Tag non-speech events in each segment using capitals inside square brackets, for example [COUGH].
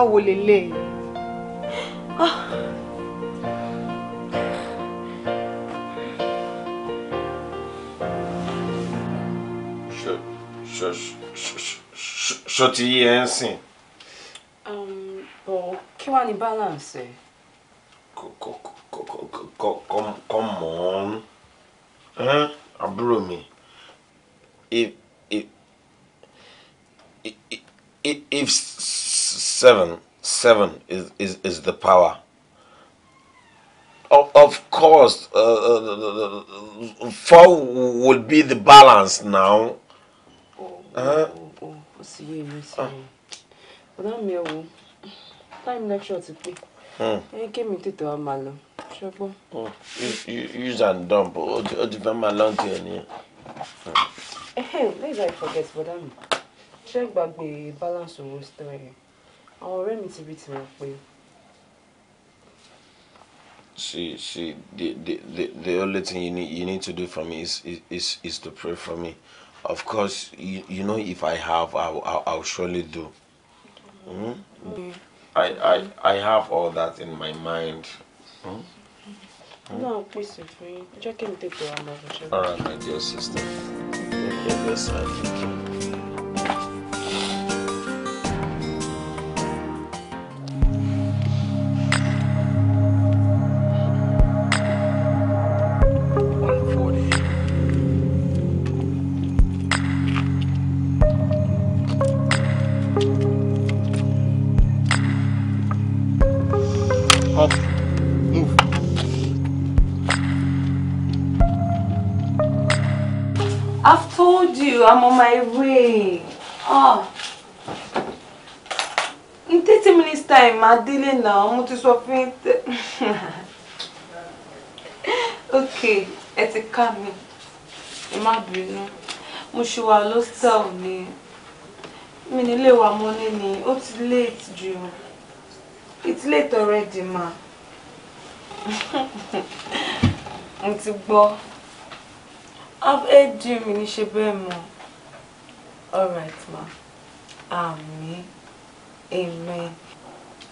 wàhálà wo lélẹ̀ yìí. Ah. ṣó ti yí ẹ ń sìn. Um, kí wàá ní balance ẹ̀. seven seven is is, is the power of, of course uh, uh, uh, uh four would be the balance now. ọ̀dà mi ẹ̀ wò time lecture ti pé ẹ kémi tètè wá máa lọ ṣọgbọ́n. use and dump ó ti fẹ́ máa lọ́ǹtì ẹ̀ nìyẹn. lẹ́yìn tí i forget bọ́dà mi ṣé gbàgbé balance owó story yẹn àwọn ọ̀rẹ́ mi ti rí tiwọn pé. She, she, the, the, the, the only thing you need, you need to do for me is, is, is to pray for me. Of course, you, you know if I have, I, I, I'll surely do. Mm? Mm. I, I, I have all that in my mind. Hmm? Mm? No, please, if we check in, take your All right, my dear sister. Take your I'm on my way. Oh. In 30 minutes time, máa délé náà. Mo ti sọ fún yín. [LAUGHS] Okay, it's ti ká mi. Ẹ má bínú. Mo ṣì wà lóòtẹ́ẹ̀lì ni. Mi nílé wa mọ́ ní late jù. It's late already, ma. [LAUGHS] Mo ti gbọ́. I've had you, mi ní ṣe bẹ́ẹ̀ mọ́ all right ma Amen. amen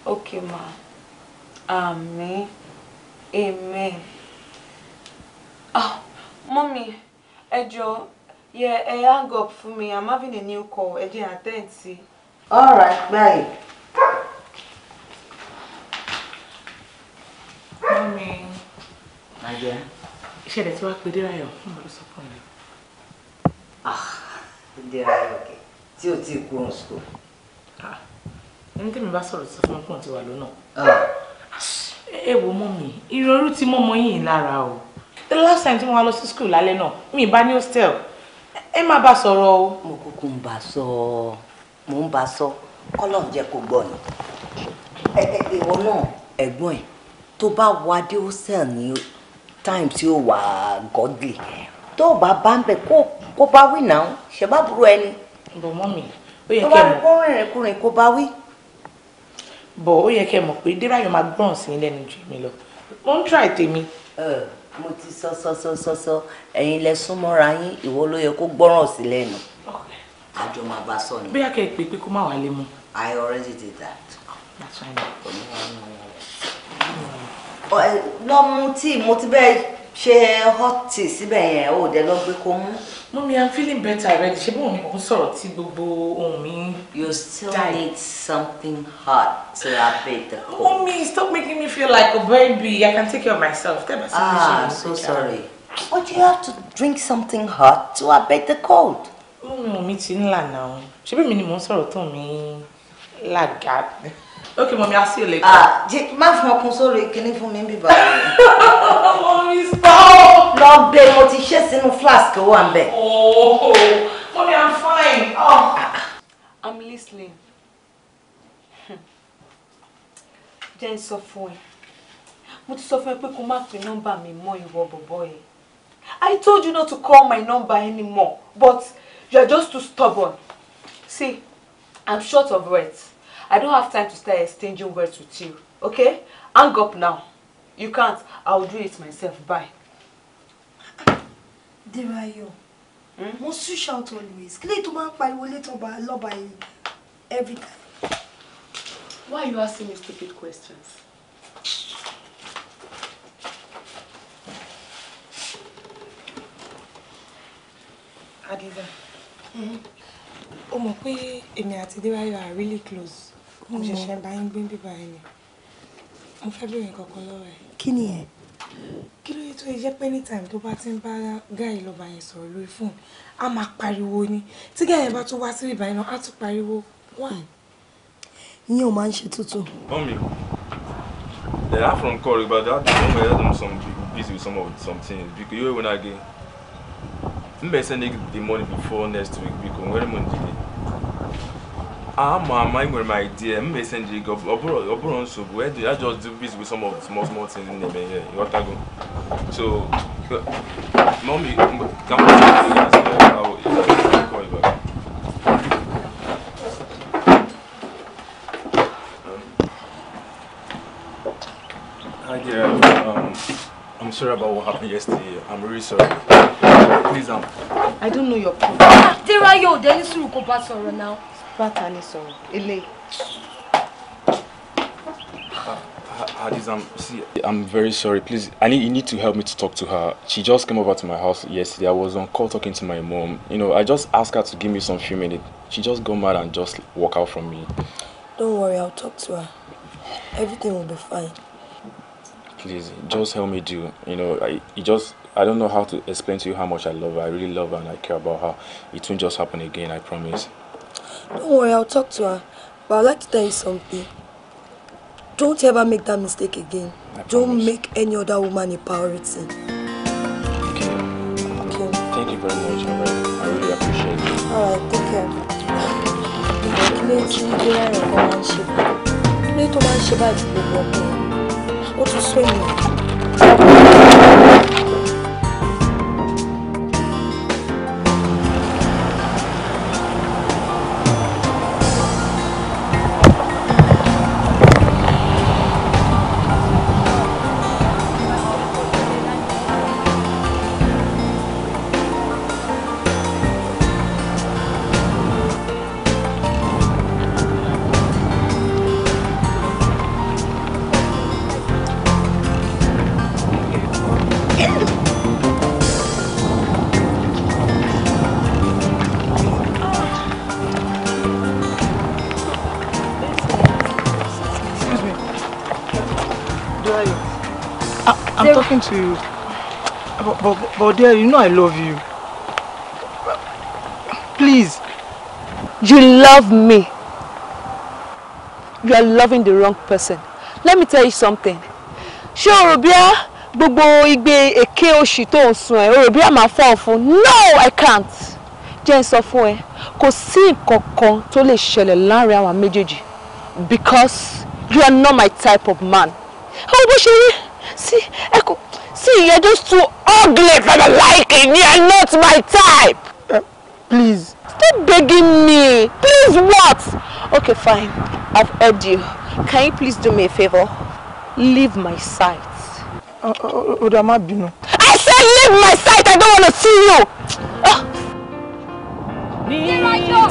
okay ma Amen. amen Oh, mommy, ẹ yeah, yẹ ẹ hang up fún mi i'm having a new call ẹ jẹ́ attend sí. all right bye. mọ́mí. ajẹ́. iṣẹ́ rẹ̀ ti wá pé dé ráyọ̀ fún ìbálòsọ̀kan rẹ̀. ah tó dẹra lókè tí ò tí kú òun sùkò. Ah, ẹni tí mi bá sọ̀rọ̀ sí fún kùn ti wà lọ́nà. Ah. ẹ wo mọ́ mi ìrọ̀rú ti mọ́mọ́ yìí lára o the last time tí mo wá lọ sí school lálẹ́ náà mi bá ní hostel ẹ má bá sọ̀rọ̀ o. mo kúkú ń bá sọ mo ń bá sọ kọ́lọ̀ jẹ́ kó gbọ́ ni ìwọ náà ẹ̀gbọ́n ẹ̀ tó bá wá dé hostel ní time tí ó wà godly tó o bá bá ń bẹ kó kó bá wí náà ṣe bá burú ẹni. bọ̀ mọ́ mi ó yẹ kẹ́ mọ̀. tó bá rí kọ́rin kùnrin kó bá wí. bọ̀ ó yẹ kẹ́ mọ̀ pé dérayọ̀ máa gbọ́ràn sí lẹ́nu jù mí lọ mo ń try tèmi. mo ti sọ sọ sọ sọ sọ ẹ̀yin lẹ súnmọ́ra yín ìwọ ló yẹ kó gbọ́ràn sí lẹ́nu. àjọ máa bá sọ ni. bóyá kẹ́ ẹ pé kó má wà lé mu. I already did that. lọ mu tí mo ti bẹ́ẹ̀ ṣe hot tea síbẹ̀ yẹn ò dé lọ gbé kó mú. mummy i'm feeling better already ṣé bóun kò sọ̀rọ̀ tí gbogbo ohun mi ń you still need something hot to abate the cold. mummy stop making me feel like a baby i can take care of myself. ah i'm so sorry. why do you have to drink something hot to abate the cold. mummy omi ti ń là náà ṣé bí mi ni mò ń sọ̀rọ̀ tó mi lága. Okay, mommy, I'll see you later. Ah, má fún console, sórí kíní fún mi bíbá. [LAUGHS] Mommy, stop! Lọ gbé mo ti ṣe sínú flask wà ń bẹ̀. Oh, mommy, I'm fine. Oh. I'm listening. Jẹ́ ń sọ fún ẹ. Mo ti sọ fún ẹ pé kó má pe nọ́mbà mi I told you not to call my number anymore, but you're just too stubborn. See, I'm short of words. I don't have time to start exchanging words with you. Okay? Hang up now. You can't. I'll do it myself. Bye. Derayo. Hmm? Mo switch out always. Kí lè tó máa ń pariwo létò ọba lọ́ba yìí every time. Why are you asking me stupid questions? Adiza. Hmm? O mọ̀ pé èmi àti Derayo are really close mo ṣẹ̀ṣẹ̀ bá yín gbé bíbá ẹ ni mo fẹ́ bèèrè kankan lọ́wọ́ ẹ. kí ni ẹ. kí ló yẹ tó yẹ jẹ́ pé ní tàìmù tó bá ti ń bá gáì lọ́ba yẹn sọ̀rọ̀ lórí fóònù a máa pariwo ni tí gáì yẹn bá tún wá sí bíbá yẹn náà á tún pariwo wá. Hmm. ìyẹn ò máa ń ṣe tuntun. mọ́mí then I'm from Corey, but that don't wear them some busy with some of some things because you when I get. Maybe send the money before next week because when money delay ama ama enwere m idea m mesenji gị ọ bụrụ nsogbu I just do busy with some of the small small things na-eme ihe ịghọtago so mọmi ka m Hi dear, um, I'm sorry about what happened yesterday. I'm really sorry. Please, um. I don't know your problem. Derayo, there is Suruko Basoro now bàtà ni sọ̀rọ̀ eléyìí. Ah, Hadizam, see, I'm very sorry. Please, I need you need to help me to talk to her. She just came over to my house yesterday. I was on call talking to my mom. You know, I just asked her to give me some few minutes. She just got mad and just walk out from me. Don't worry, I'll talk to her. Everything will be fine. Please, just help me do. You know, I just I don't know how to explain to you how much I love her. I really love her and I care about her. It won't just happen again. I promise. Don't oh, worry, I'll talk to her. But I'd like to tell you something. Don't ever make that mistake again. I Don't promise. make any other woman a priority. Okay. Okay. Thank you very much, alright. I really appreciate it. Alright, take care. Ilé tí ń gbé ẹ̀rọ kan máa ń ṣe báyìí. Ilé tó máa ń ṣe báyìí gbogbo ọkùnrin. Ó tún sún ènìyàn. going to... But, but, but dear, you know I love you. Please. You love me. You are loving the wrong person. Let me tell you something. Ṣé o rò bí á gbogbo igbe èké oṣù tó ń sun ẹ̀? No, I can't. Jẹ́ ń sọ fún ẹ, kò sí nǹkan because you are not my type of man. Ó bó ṣe rí sí See, you're just too ugly for the liking You're not my type. Uh, please. stop begging me please what. okay fine I've heard you can you please do me a favor? leave my sight. Oda má bínú. I said leave my sight I don't want to see you. Uh. Dérayọ̀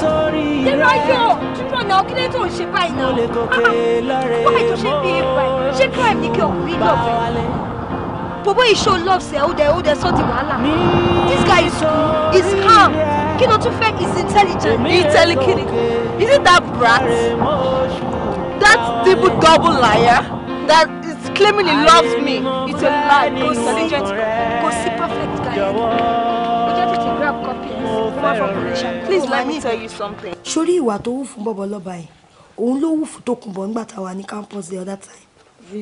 Dérayọ̀ túbọ̀ náà kí lè tó ń ṣe báyìí náà. Báyìí tó ṣe bí ipa ẹ̀ ṣé crime ni kí ọkùnrin gbọ̀gbẹ́ bọ̀bọ̀ yìí show love sẹ̀ ó dẹ̀ ó dẹ̀ sọ́ di wàhálà this guy is cool he's calm kí ló tún fẹ́ he's intelligent intelligent isn't that brat that double double liar that is claiming he loves me it's a lie go intelligent go see perfect guy we just to grab copies far from malaysia please let me tell you something. sórí ìwà tó wù fún bọ́bọ́ lọ́ba yìí òun ló wù fún tó kùn bọ̀ nígbà táwa ní campus the other time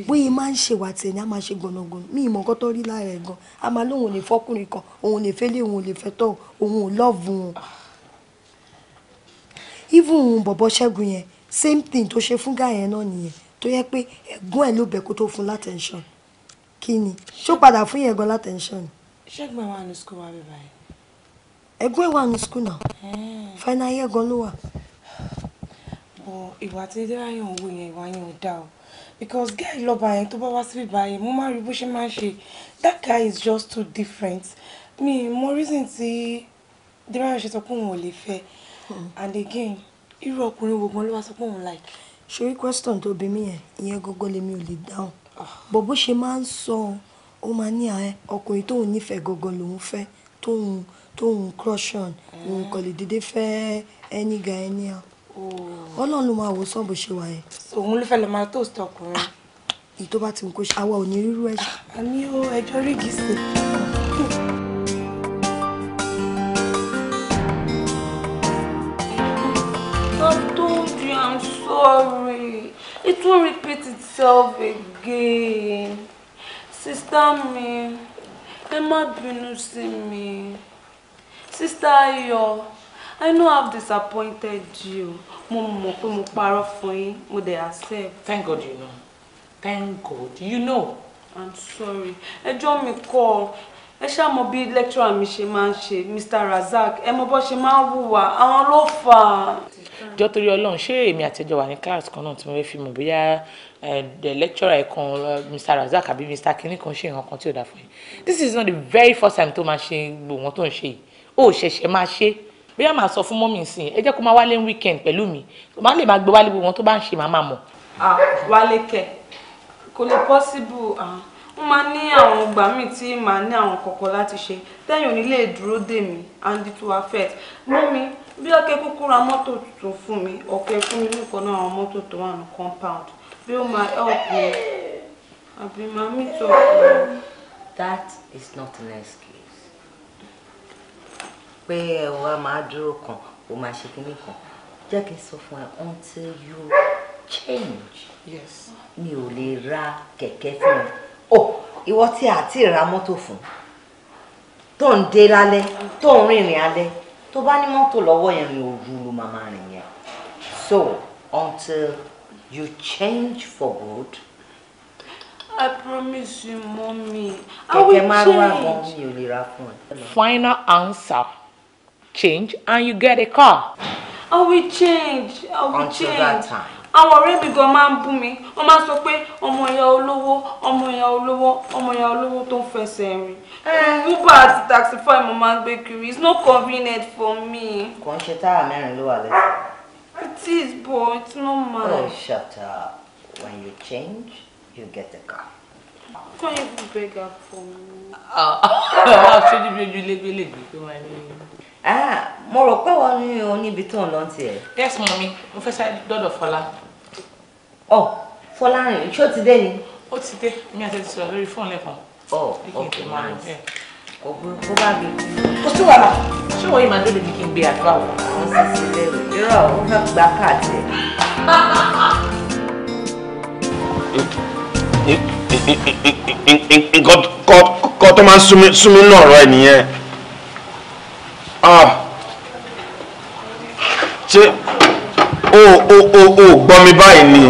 bóyá máa ń ṣèwà tiẹ̀ ni a máa ṣe gbọ̀nàgbọ̀nà mi ìmọ̀ nǹkan tó rí lára ẹ̀ gan a máa lóun ò lè fọkùnrin kan òun ò lè fẹ́lẹ́ òun ò lè fẹ́ tọ́ òun ò lọ́ọ̀bù wọn. even òun bọ̀bọ̀ ṣẹ́gun yẹn same thing tó ṣe fún guy yẹn náà nìyẹn tó yẹ pé ẹ̀gbọ́n ẹ̀ ló bẹ̀ kó tó fún látẹ̀ǹṣọ̀n kí ni ṣó padà fún yẹn gan látẹ̀ǹṣọ̀n. ṣẹ́gun ẹ̀ wà ní school wa bíbá yẹn. ẹ̀gbọ́n ẹ̀ wà ní school náà year gan ló wà. bọ̀ ìwà tí dẹ́ráyàn wò yẹn ìwà yẹn ò dáa because guy love yẹn to bá wá by báyìí mo máa rí bó ṣe máa ń that guy is just too different Me mo reason tí débàyọ̀ ṣe sọ pé òun ò lè and again irú ọkùnrin wo gan ló wá sọ pé òun like. ṣorí question to tó bí mi yẹn ìyẹn gógó lèmi ò lè dáhùn ah. bọ̀ bó ṣe máa ń sọ ó máa ní ọkùnrin tóun nífẹ̀ẹ́ gógó lòun fẹ́ to tóun crush on òun kò lè dédé fẹ́ any guy anyhow ọlọ́run ló máa wò sàn ṣe wà yẹn. òun ló fẹ́ lọ máa toast ọkùnrin. Ah, èyí tó bá ti ń kó ṣe àwa ò ní rírú ẹ̀ṣẹ̀. ó ah, ẹjọ́ rí gìsì. I'm sorry. It will repeat itself again. Sister me. Emma má bínú sí Sister Ayọ̀. I know I've disappointed you. Mo mọ̀ pé mo parọ́ fún yín, mo dẹ̀ accept. Thank God you know. Thank God you know. I'm sorry. Ejo mi kọ́ ẹ ṣáà mọ bí lecturer mi ṣe máa ń Mr. Razak E mo bo ṣe máa ń hùwà àwọn ló fà á. jọ torí Ọlọ́run ṣé èmi àtẹjọ wà class kan náà tí mo fẹ́ fi mọ̀ bóyá the lecturer kan Mr. Razak àbí Mr. Kini kan ṣe nǹkan tí ò dáa fún yín this is not the very first time tó máa ṣe gbòǹwọ̀n tó ń ṣe yìí ó ṣẹ̀ṣẹ̀ máa ṣe é bóyá màá sọ fún mọ́mì sí ẹ jẹ́ kó máa wálé weekend pẹ̀lú mi màá lè máa gbé wálé gbogbo wọn tó bá ń ṣe màmá mọ̀. wálé kẹ kò lè pọ́síbù n máa ní àwọn ìgbà míì tí màá ní àwọn kọ̀ọ̀kan láti ṣe tẹ́yìn òní lè dúró dè mí and it affect mọ́mì bí ọkẹ́ kúkú ra mọ́tò tuntun fún mi ọkẹ́ fún mi nìkan náà àwọn mọ́tò tó wà ní compound bí ó máa help me àbí màá meet up. that is not an pé ẹ máa dúró kan ó máa ṣe kíní kan jẹ́ kí n sọ fún ẹ until you change yes mi ò lè ra kẹ̀kẹ́ fún ẹ o oh, ìwọ tí a ti ra mọ́tò fún tó ń dé lálẹ́ tó ń rìnrìn alẹ́ tó bá ní mọ́tò lọ́wọ́ yẹn rìn òru ló máa máa rìn yẹn so until you change for good. I promise you, mommy. I will change. Final answer change and you get a car. I will change. I will Until change. that time. Àwọn ọ̀rẹ́ mi gan máa ń bú mi. Wọ́n máa sọ pé ọmọ ìyá olówó, ọmọ ìyá olówó, ọmọ ìyá olówó tó ń fẹsẹ̀ rìn. Uber àti Taxify mo máa ń gbé kiri. It's not convenient for me. Kò ń ṣe táyà mẹ́rin ló wà lẹ́sẹ̀. It is but it's not mine. Oh, shut up. When you change, you get a car. Can't even beg her for me. Ṣojú bí ojú légbélé gbé tó wà ní. Ah, mo rò pé wọn ní oníbi tó ń lọ tiẹ̀. yes mọ́mí mo fẹ́ sáré dọ́dọ̀ fọlá. ọ oh, fọlá rìn ṣé ó ti dé ni. ó ti dé mi àti ti sọ̀rọ̀ lórí fóònù lẹ́kọ̀ọ́. ọ oh, ok nice kò burú kó bá mi. kò sí wàhálà ṣé wọ́n yìí máa débi kí n gbé àdúrà wò. wọ́n sì sílẹ̀ rẹ̀ irọ́ ó fẹ́ gba káàdì ẹ̀. nǹkan tó máa ń súnmi náà rọ ẹ̀ nìyẹn. Ah. ṣé o o o o gbọ́ mi báyìí ni.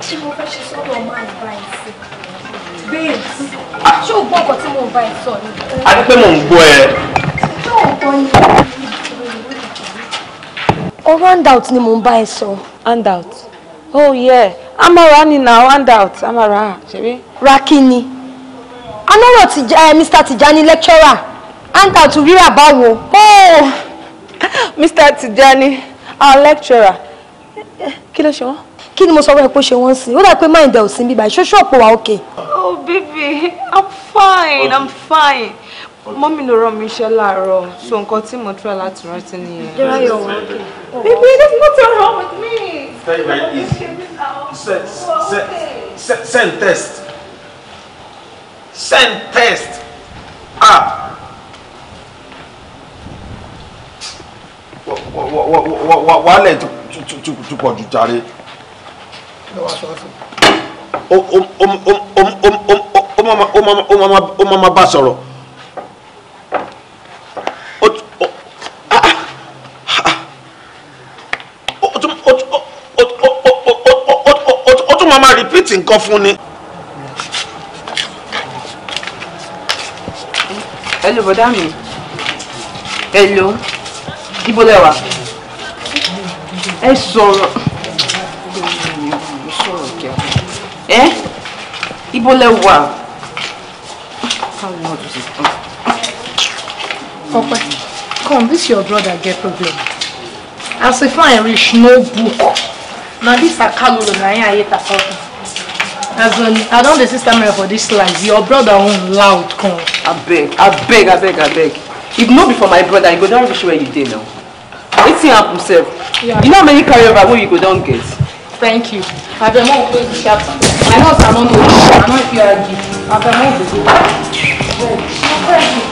tí mo fẹ́ ṣe sọ́dọ̀ máa ń bá ẹ sí babes ṣé o gbọ́ ọkọ̀ tí mo bá ẹ sọ ni. a ní pé mò ń gbọ́ ẹ. ṣé o gbọ́ ni. ọ̀rọ̀ handout ni mò ń bá ẹ sọ. handout oh yeah amara ni na handout amara ṣebí. ra kí ni anọ́rọ̀ eh, Mr. Tijani lecturer àǹtà tún rírà báwo. oh Mr. Tijani our lecturer kí ló ṣe wọ́n. kí ni mo sọ wẹ́ẹ̀ kó ṣe wọ́n sí i ó dà pé mind ẹ̀ ò sí bíbá ìṣoṣo ọ̀pọ̀ wa òkè. oh baby i'm fine i'm fine mọ́mí ló rán mi iṣẹ́ láàárọ̀ so nǹkan tí mo try láti rántí nìyẹn. baby there's nothing wrong with me. very very easy send send oh, send test send test ah. wàhálẹ̀ ti pọ̀ jù jàre. o máa ma bá sọ̀rọ̀. o tún máa ma rìpíìtì nǹkan fún ni. ẹ lò bọ́dá mi ẹ lò ó ibo lẹ wà ẹ sọ̀rọ̀ ẹ ibo lẹ wà ọpẹ́ come this your brother get problem as if i reach no book Now this akalolo na him i a akọkọ as in i don't dey see for this life your brother own loud come. I I beg, beg, I beg, I beg. if not be for my brother i go down don reach where you did now wetin happen sef you know how many carryover wey you go don get. thank you abemo wey you sharp my husband no know i no fit argue abemo go go.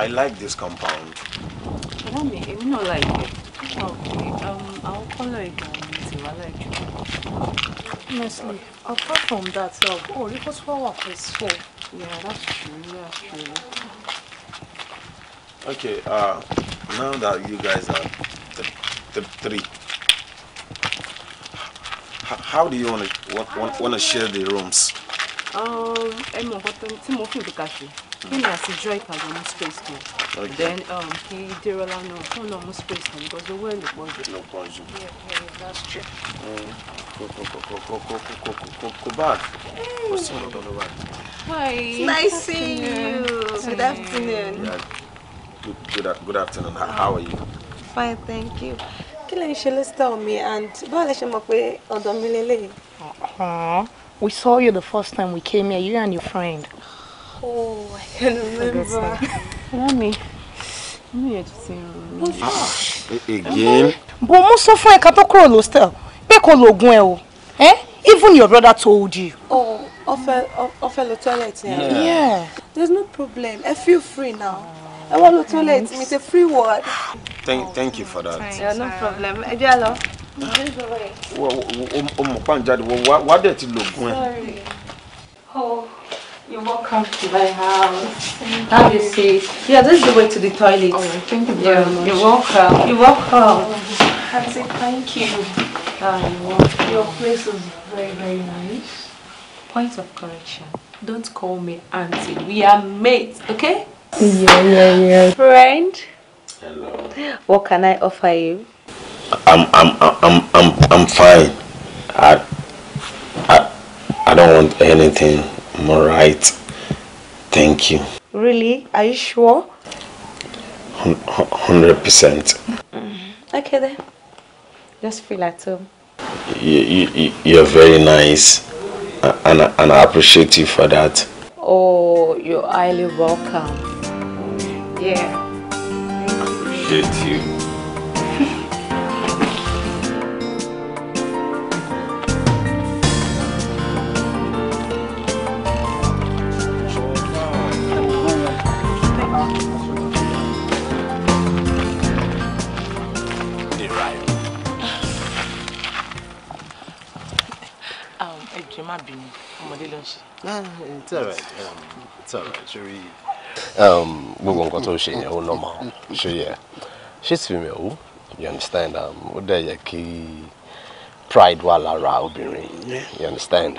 I like this compound. Mommy, you not like it. Okay, um, I'll follow it down until I like it. Honestly, apart from that, uh, oh, it was four what it's for. Yeah, that's true, that's true. Okay, uh, now that you guys are th th three, how do you want to want, to share the rooms? Um, I'm not going to kíni àti joy pàdé mú space kan then kí dérọlá náà fún náà mú space kan because owó ẹ̀ ló pọ̀ jù. ló pọ̀ jù kò bá kò sí ọ̀dọ́ ló wà. Hi. Nice seeing you. Good afternoon. Yeah. Good, good, good afternoon. How, how are you? Fine, thank you. Kí lẹ ń ṣe lọ́sítọ̀ mi and báwo lẹ ṣe mọ̀ pé ọ̀dọ̀ mi lélẹ̀? We saw you the first time we came here, you and your friend. Oh, I can remember. [LAUGHS] Mommy, mommy yẹn ti ti rùn Again? But mú sọ fún ẹ̀ka tó kúrò lọ́stẹ̀l pé kò lògùn ẹ̀ o. Eh? Even your brother told you. Oh, offer, offer lọ toilet yẹn. Yeah. There's no problem. I feel free now. I want to toilet. Mm-hmm. It's a free word. Thank, thank you for that. Yeah, no problem. Ẹ jẹ́ lọ. Ọmọ pàǹjáde, wà á dẹ̀ ti lògùn ẹ̀. Oh. You're welcome to my house. Thank Have you. a seat. Yeah, this is the way to the toilet. Oh, thank you very yeah, much. You're welcome. You're welcome. Oh, a seat. thank you. Oh, Your place is very, very nice. Point of correction. Don't call me auntie. We are mates, okay? Yeah, yeah, yeah. Friend. Hello. What can I offer you? I'm, I'm, I'm, I'm, I'm fine. I, I, I don't want anything. I'm alright. Thank you. Really? Are you sure? 100%. Mm-hmm. Okay then. Just feel at home. You, you, you're very nice and, and I appreciate you for that. Oh, you're highly welcome. Yeah. Appreciate you. má bínú ọmọdé ló ń ah, it's all right um, it's all right ṣe rí um, gbogbo nǹkan tó ṣe yẹn ó normal ṣe yẹ ṣé ti mi ò you understand um, ó dẹ̀ yẹ kí pride wà lára obìnrin you understand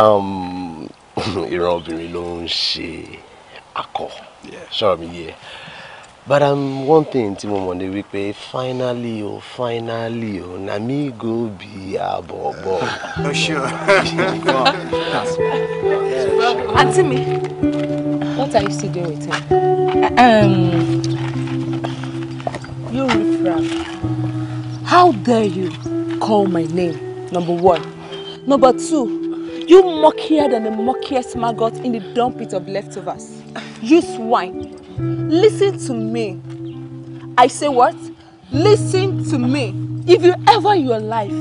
um, [LAUGHS] ìran obìnrin ló ń ṣe akọ ṣọ́ọ̀ mi yẹ. Yeah but um, one thing tí mo mọ̀ ni wípé finally o oh, finally o oh, na me go be abobo. [LAUGHS] oh sure. [LAUGHS] aunty mi what are you still doing with him. Um, you riffraff how dare you call my name number one number two you muckier than the muckiest maggot in the dump pit of leftovers you swine Listen to me. I say what? Listen to me. If you ever in your life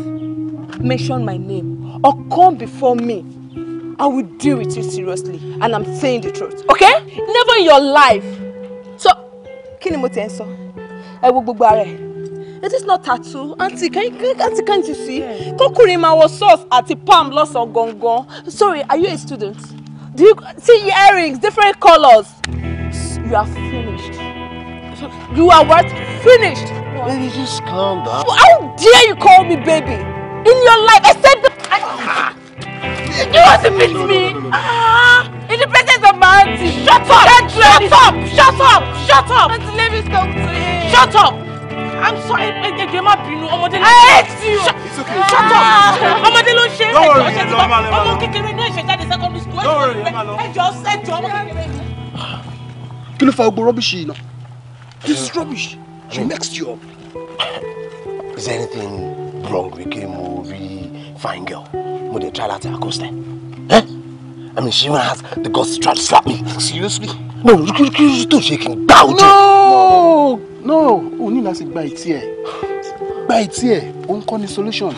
mention my name or come before me, I will deal with you seriously. And I'm saying the truth, okay? Never in your life. So, kí ni mo ti ń sọ? Ẹ wo gbogbo ara ẹ̀. It is not tattoo. Auntie, can you, auntie, can't you see? Yeah. ma máa sauce socks àti palm lọ́sàn-án gangan. Sorry, are you a student? Do you see earrings, different colours? You are finished. You are what? Finished. Baby, just calm down. How dare you call me baby? In your life, I said that. I, ah. You want to meet me? In the presence of my auntie. Shut up. Shut, shut up. Shut up. Shut up. Auntie, let me talk to him. Shut up. I'm sorry, ẹ̀jẹ̀ má bínú, ọmọdé ló ń I hate you. It's okay. Shut up. Ah. Ọmọdé ló ń ṣe. Don't worry, ọmọ kékeré náà ṣẹ̀jáde secondary school. Don't worry, ẹ̀jọ̀ ẹ̀jọ̀ ọmọ kékeré kí ló fa gbogbo rubbish yìí náà this is rubbish uh, she next um, you is there anything wrong with kí mo fine girl mo dey try láti accost her. Eh? I mean, she even has the guts to try to slap me. Seriously? No, you could shake him down. No, no, o ní láti gba ìtì ẹ̀. Gba ìtì ẹ̀, òun kọ́ ni solution.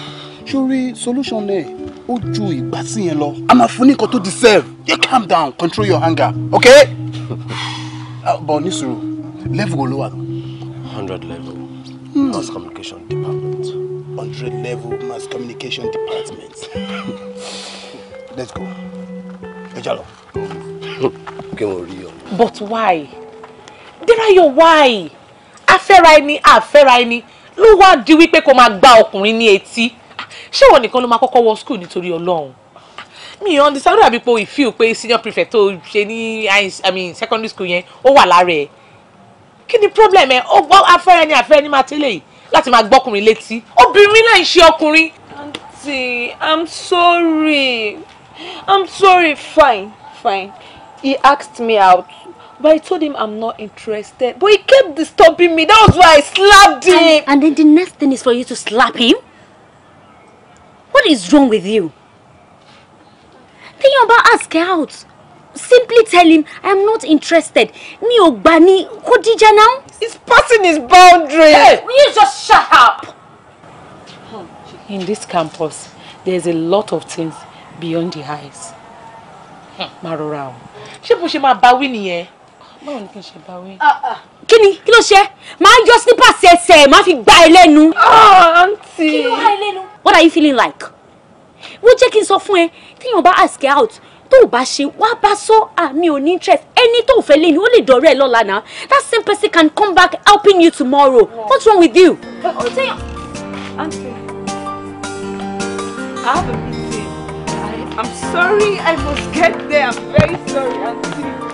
Sori solution ẹ̀, ó ju ìgbà sí yẹn lọ. A máa ní nǹkan tó deserve. You calm down, control your anger, okay? Ah, bọ̀ ní sùúrù level wo ló hundred level mm. mass communication department. hundred level mass communication department. [LAUGHS] let's go. ẹ jà lọ. [LAUGHS] kí mo rí ọ. but why? Derayo why? afẹ́ra ẹni afẹ́ra ẹni ló wá di wípé kó máa gba ọkùnrin ní etí ah, ṣé wọn nìkan ló máa kọ́kọ́ wọ school nítorí ọlọ́run mi ò understand ó dàbí pé o ìfíw pé senior prefect tó ṣe ní i mean secondary school yẹn ó wà lára ẹ kí ni problem ẹ ó gbọ́ afẹ́rẹ́ ni afẹ́rẹ́ ni máa tẹ́lẹ̀ yìí láti máa gbọ́kùnrin létí obìnrin náà ń ṣe ọkùnrin. aunty i'm sorry i'm sorry fine fine he asked me out but I told him I'm not interested. But he kept disturbing me. That was why I slapped him. And, and then the next thing is for you to slap him? What is wrong with you? tóun bá ask out simply tell him i'm not interested Me ogbani kodija now. he's passing his boundary. hey will you just shut up. in this campus there's a lot of things beyond the eyes. máa she o. ṣé bó ni kí Ma ṣe bá wí. Ah, ah. kí ni kí ló Ma just yọ sípàsì ẹsẹ̀ máa fi gbá ẹ lẹ́nu. àǹtí. Ah, kí ló wá what are you feeling like wọ́n jẹ́ kí n sọ fún ẹ téèyàn bá ask out tó o bá ṣe wá bá sọ àmì ò ní interest ẹni tó o fẹ́ lé ni ó lè dọ̀rẹ́ ẹ lọ́la náà that same person can come back helping you tomorrow no. what's wrong with you. I'm sorry I must get there I'm very sorry aunty.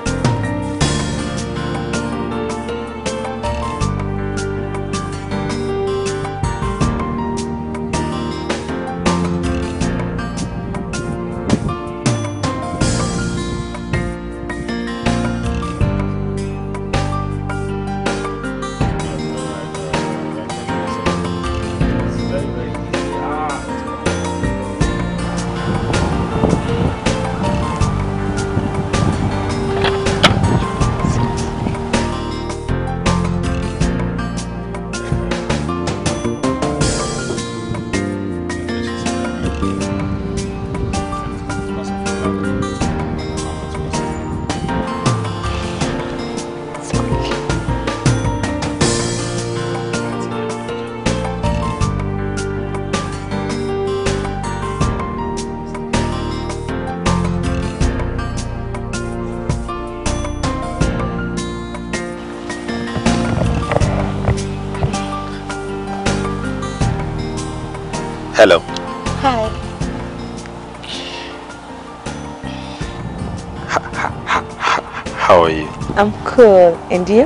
cool. And you?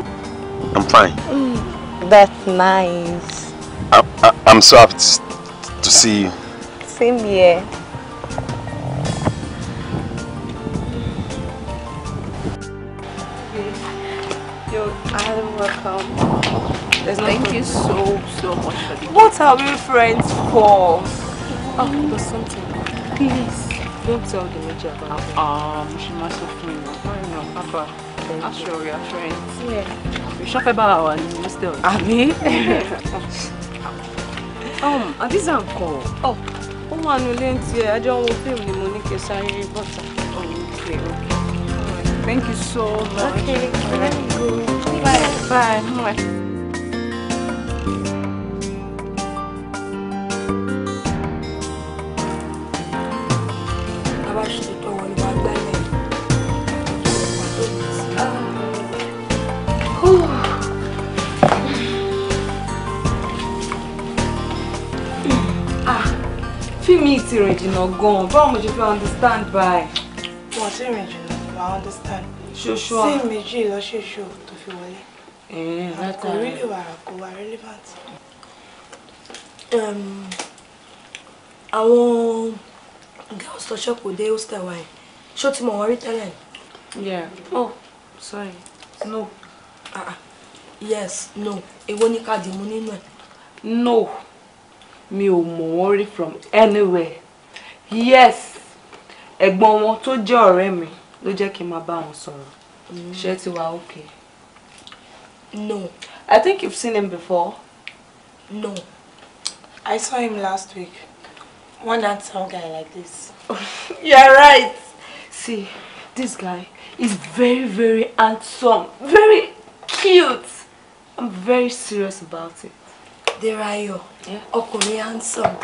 I'm fine. Mm, that's nice. I, I, I'm so happy to see you. Same here. You're welcome. There's Thank problem. you so, so much for the What are we friends for? Oh, there's something. Please, don't tell the major about it. Um, she must have been. I know, Papa aṣọ rẹ aṣọ rẹ ìṣọ́fẹ́ bá wà ní hostel. àbí. àdìsá nǹkan ọ ó wà nù lé tiẹ̀ ajọ́ ohun fíìmù ni mo ní kí n sáré bọ́tà. Oh, okay okay thank you so much. okay let me go. bye. bye. bye. rìn jìnnà gan-an báwo mo ṣe fi understand by. wọn ti rìn jìnnà i understand. ṣoṣo a sí méjì lọ ṣoṣo tó fi wọlé. àkò rílì wà àkò wà relevant. àwọn girls tó ṣọ́pù dé hostel wa yìí ṣó ti mọ̀ wọ́n rí tẹ́lẹ̀. yeah oh sorry no. Ah. -uh. yes no èwo ni ká dì mú nínú ẹ̀. no mi ò mọ̀ wọ́n rí from anywhere yes ẹ̀gbọ́n wọn tó jẹ́ ọ̀rẹ́ mi ló jẹ́ kí n máa bá wọn sọ̀rọ̀ mm. ṣé ti wà okay. no i think you've seen him before. no i saw him last week one handsome guy like this. [LAUGHS] you're right see this guy is very very handsome very cute i'm very serious about it. There Adéráyọ̀ ọkùnrin handsome.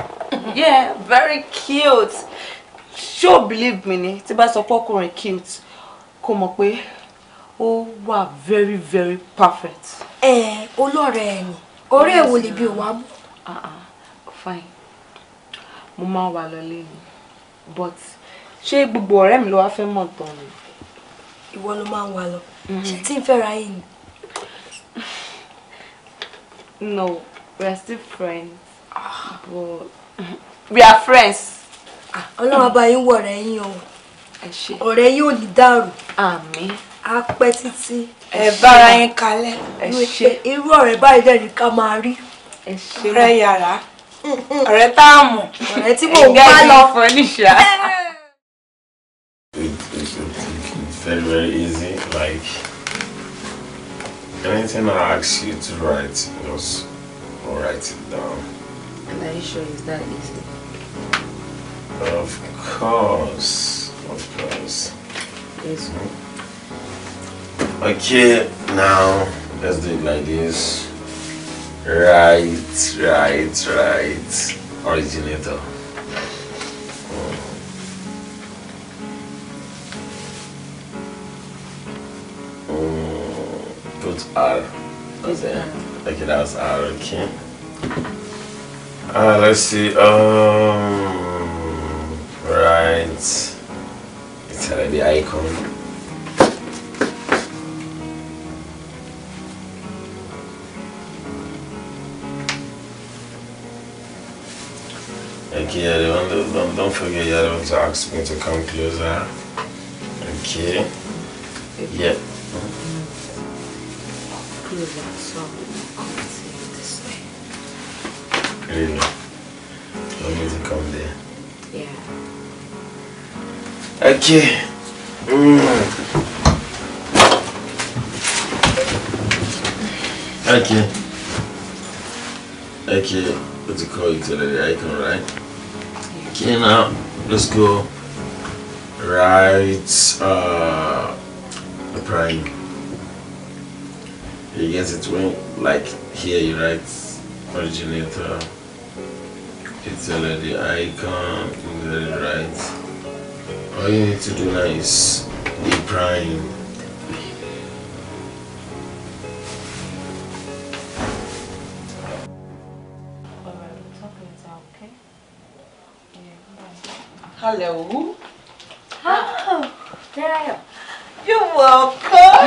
yeah very cute Sure, believe me ni tí bá sọ pé cute kò mọ̀ pé ó wà very very perfect. ẹ olóòrè ẹ ni orí èwo lè bí wàá mú. Ah, ah, fine mo máa wà lọlé ni but ṣé gbogbo ọ̀rẹ́ mi ló wá fẹ́ mọ̀ tán ni. ìwọ ló máa ń wà lọ mm-hmm. ṣé tí ń fẹ́ ra yìí no we are still friends. Ah. But we are friends. Ah, Ọlọ́run ọba yín wọ̀ ọ̀rẹ́ yín o. Ẹ ṣé. Ọ̀rẹ́ yín ò ní dàrú. Àmín. A pẹ́ títí. Ẹ bára yín kalẹ̀. Ẹ ṣé. Irú ọ̀rẹ́ báyìí dẹ̀ ní ká máa rí. Ẹ ṣé. Ọ̀rẹ́ yàrá. Ọ̀rẹ́ tá a mọ̀. Ọ̀rẹ́ tí mò ń bá lọ. Ẹ̀gá ìfọ̀ níṣà. It's very very easy like anything I ask you to write just. or write it down. And are you sure it's that easy? Of course, of course. Yes. Okay, now let's do it like this. Right, right, right. Originator. Mm. Mm. put R. Okay. Take it outside, okay? Uh, let's see, um, right, it's already icon. Okay, everyone, don't, don't, don't forget you everyone to ask me to come closer. Okay. Yeah. Closer, so. Really? No music out there. Yeah. Okay. Mm. Okay. Okay, what's it called? It's already icon, right? Okay, now let's go right uh, the prime. You guess it when like here you write originator. it's already icon in the right all you need to do now is the prime Hello. Ah, there I am. You're welcome.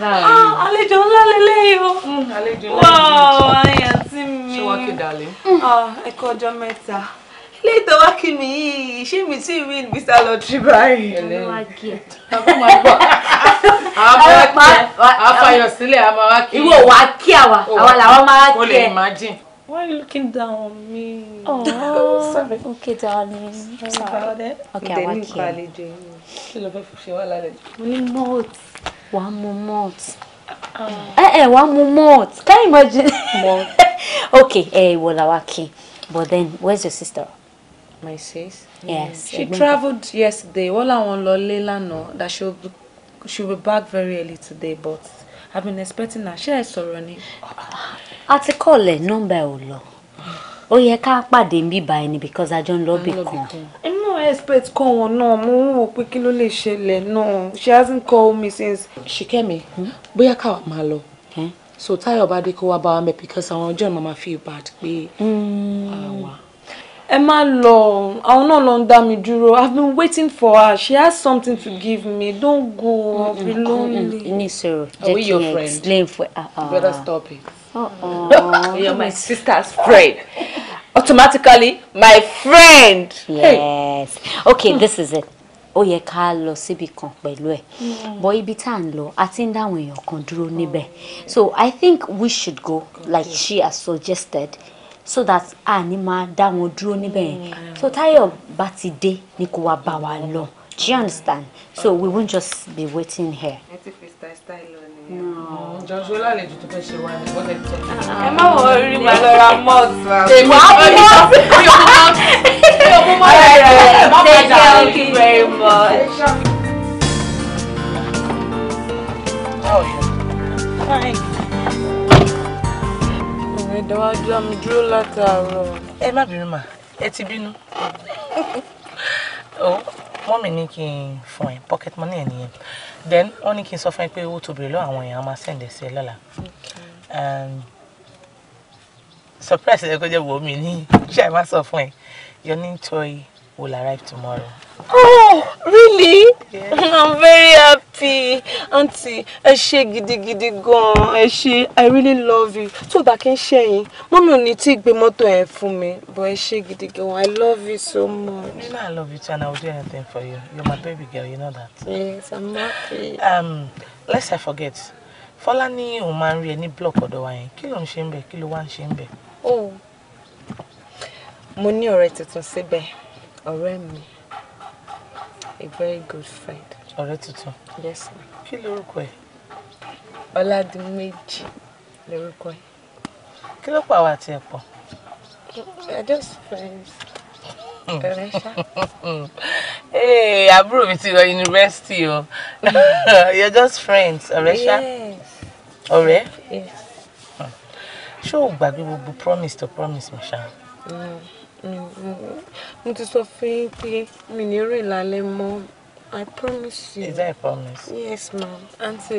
[LAUGHS] ah, àlejò ńlá leleyo. Mm, àlejò ńlá. Wow, I am àǹtí mi. ṣé wá kí dalẹ̀. Ah, ẹ kú ọjọ́ mẹ́ta ilé ìtọ́ wá kí mi yìí ṣé mi tí win visa lottery báyìí. ẹlẹ́yìn ọkọ máa gbọ́ àwọn ọmọ afayọ sílẹ̀ a máa wá kí. ìwọ wá kí àwa àwa làwọn máa kí ẹ. o lè imagine. Why are you looking down on me? Oh, [LAUGHS] sorry. Okay, darling. Sorry. sorry. About it. Okay, I'm okay. Kí ló fẹ́ fi ṣe wá lálejò? Mo ní malt. Wàá mu malt. Eh, ẹ wàá mu malt can you imagine. malt [LAUGHS] okay Eh, ìwọ làwa kì but then where's your sister. my sis. yes she travelled yesterday wọ́n làwọn lọ lé lánàá that she will be she will be back very early today but I've been expecting her She ẹ sọ̀rọ̀ ni. Ah, a ti kọ́ ọ̀lẹ̀ nọ́mbà ẹ̀ ó yẹ ká pàdé ń bíbá ẹni because àjọ ń lọ́bì kan. inú expect kọ́ wọn náà mo ń wò pé kí ló lè ṣẹlẹ̀ náà she hasn't called me since. ṣìkẹ́mi hmm? bóyá káwa máa lọ so táyọ̀ bá dé kó wá bá wa mẹ́ because àwọn ọjọ́ ìmọ̀ máa feel bad pé àwa. Hmm. ẹ má lọ àwọn náà ló ń dá mi dúró i've been waiting for her she has something to give me don't go i'll be lonely. ní ìṣòro jẹ́ kí n explain for her. Uh, you better uh, stop it. Uh-oh. [LAUGHS] You're my sister's friend. Automatically, my friend. Yes. Okay, this is it. Ó yẹ ká lọ síbi kan pẹ̀lú ẹ̀. Hmm. Bọ́ ibi tá à ń lọ, a ti ń dáwọn èèyàn kan dúró níbẹ̀. So I think we should go like she has suggested so that a ní máa dá wọn dúró níbẹ̀ yẹn. Hmm. So Táyọ̀ bá ti dé ni kò wá bá wa lọ. Do you understand? So we won't just be waiting here. Ẹ ti fi style style lọ. Mm, jọjọ lálejò tó fẹ́ ṣe wá ní bọ́tẹ̀ tó ṣe. ẹ má wọ orí ma lọ ra malt. èmi wàá mú malt. mi ò mú thank you very much. fine. ọ̀rẹ́ dáwájú àmì dúró látàárọ̀. ẹ má bínú mà ẹ ti [LAUGHS] mọ́mì ní kí n fún ẹ pocket money ẹ nìyẹn then wọ́n ní kí n sọ fún ẹ pé owó tó béèrè lọ́wọ́ àwọn èèyàn á máa send ẹ sí ẹ lọ́la um, surprise ẹ kó jẹ́ wọ́n mi ní ṣe é má fún ẹ your new toy will arrive tomorrow. Oh, really? Yeah. I'm very happy. Auntie, I ṣé gidigidi gan-an. I ṣé, I really love you. So that can share ṣe Mommy mọ́mí take ní tí and mọ́tò ẹ̀ But I ṣé gidi gan I love you so much. You know I love you too and I will do anything for you. You're my baby girl, you know that. Yes, I'm happy. Um, lest I forget. Fọlá ní òun máa ń block ọ̀dọ̀ wa yẹn. Kí ló ń ṣe ń bẹ̀? Kí Oh, mo ní ọ̀rẹ́ tuntun síbẹ̀ ọ̀rẹ́ mi a very good friend. ọ̀rẹ́ tuntun. yes ma. kí lorúkọ ẹ. ọládùnméjì lorúkọ ẹ. kí ló pa àwọn àti ẹ pọ̀. i just friends. ọ̀rẹ́ ṣá. ee àbúrò mi ti lọ yunifásitì o are just friends ọ̀rẹ́ ṣá. [LAUGHS] ọ̀rẹ́. ṣé o gbàgbé gbogbo promise to promise mi ṣá. Mm. Mm-hmm. mo ti sọ fún yín pé mi ní rìn lálẹ́ mọ́ I promise you. Is that a promise? Yes ma'am. Aunty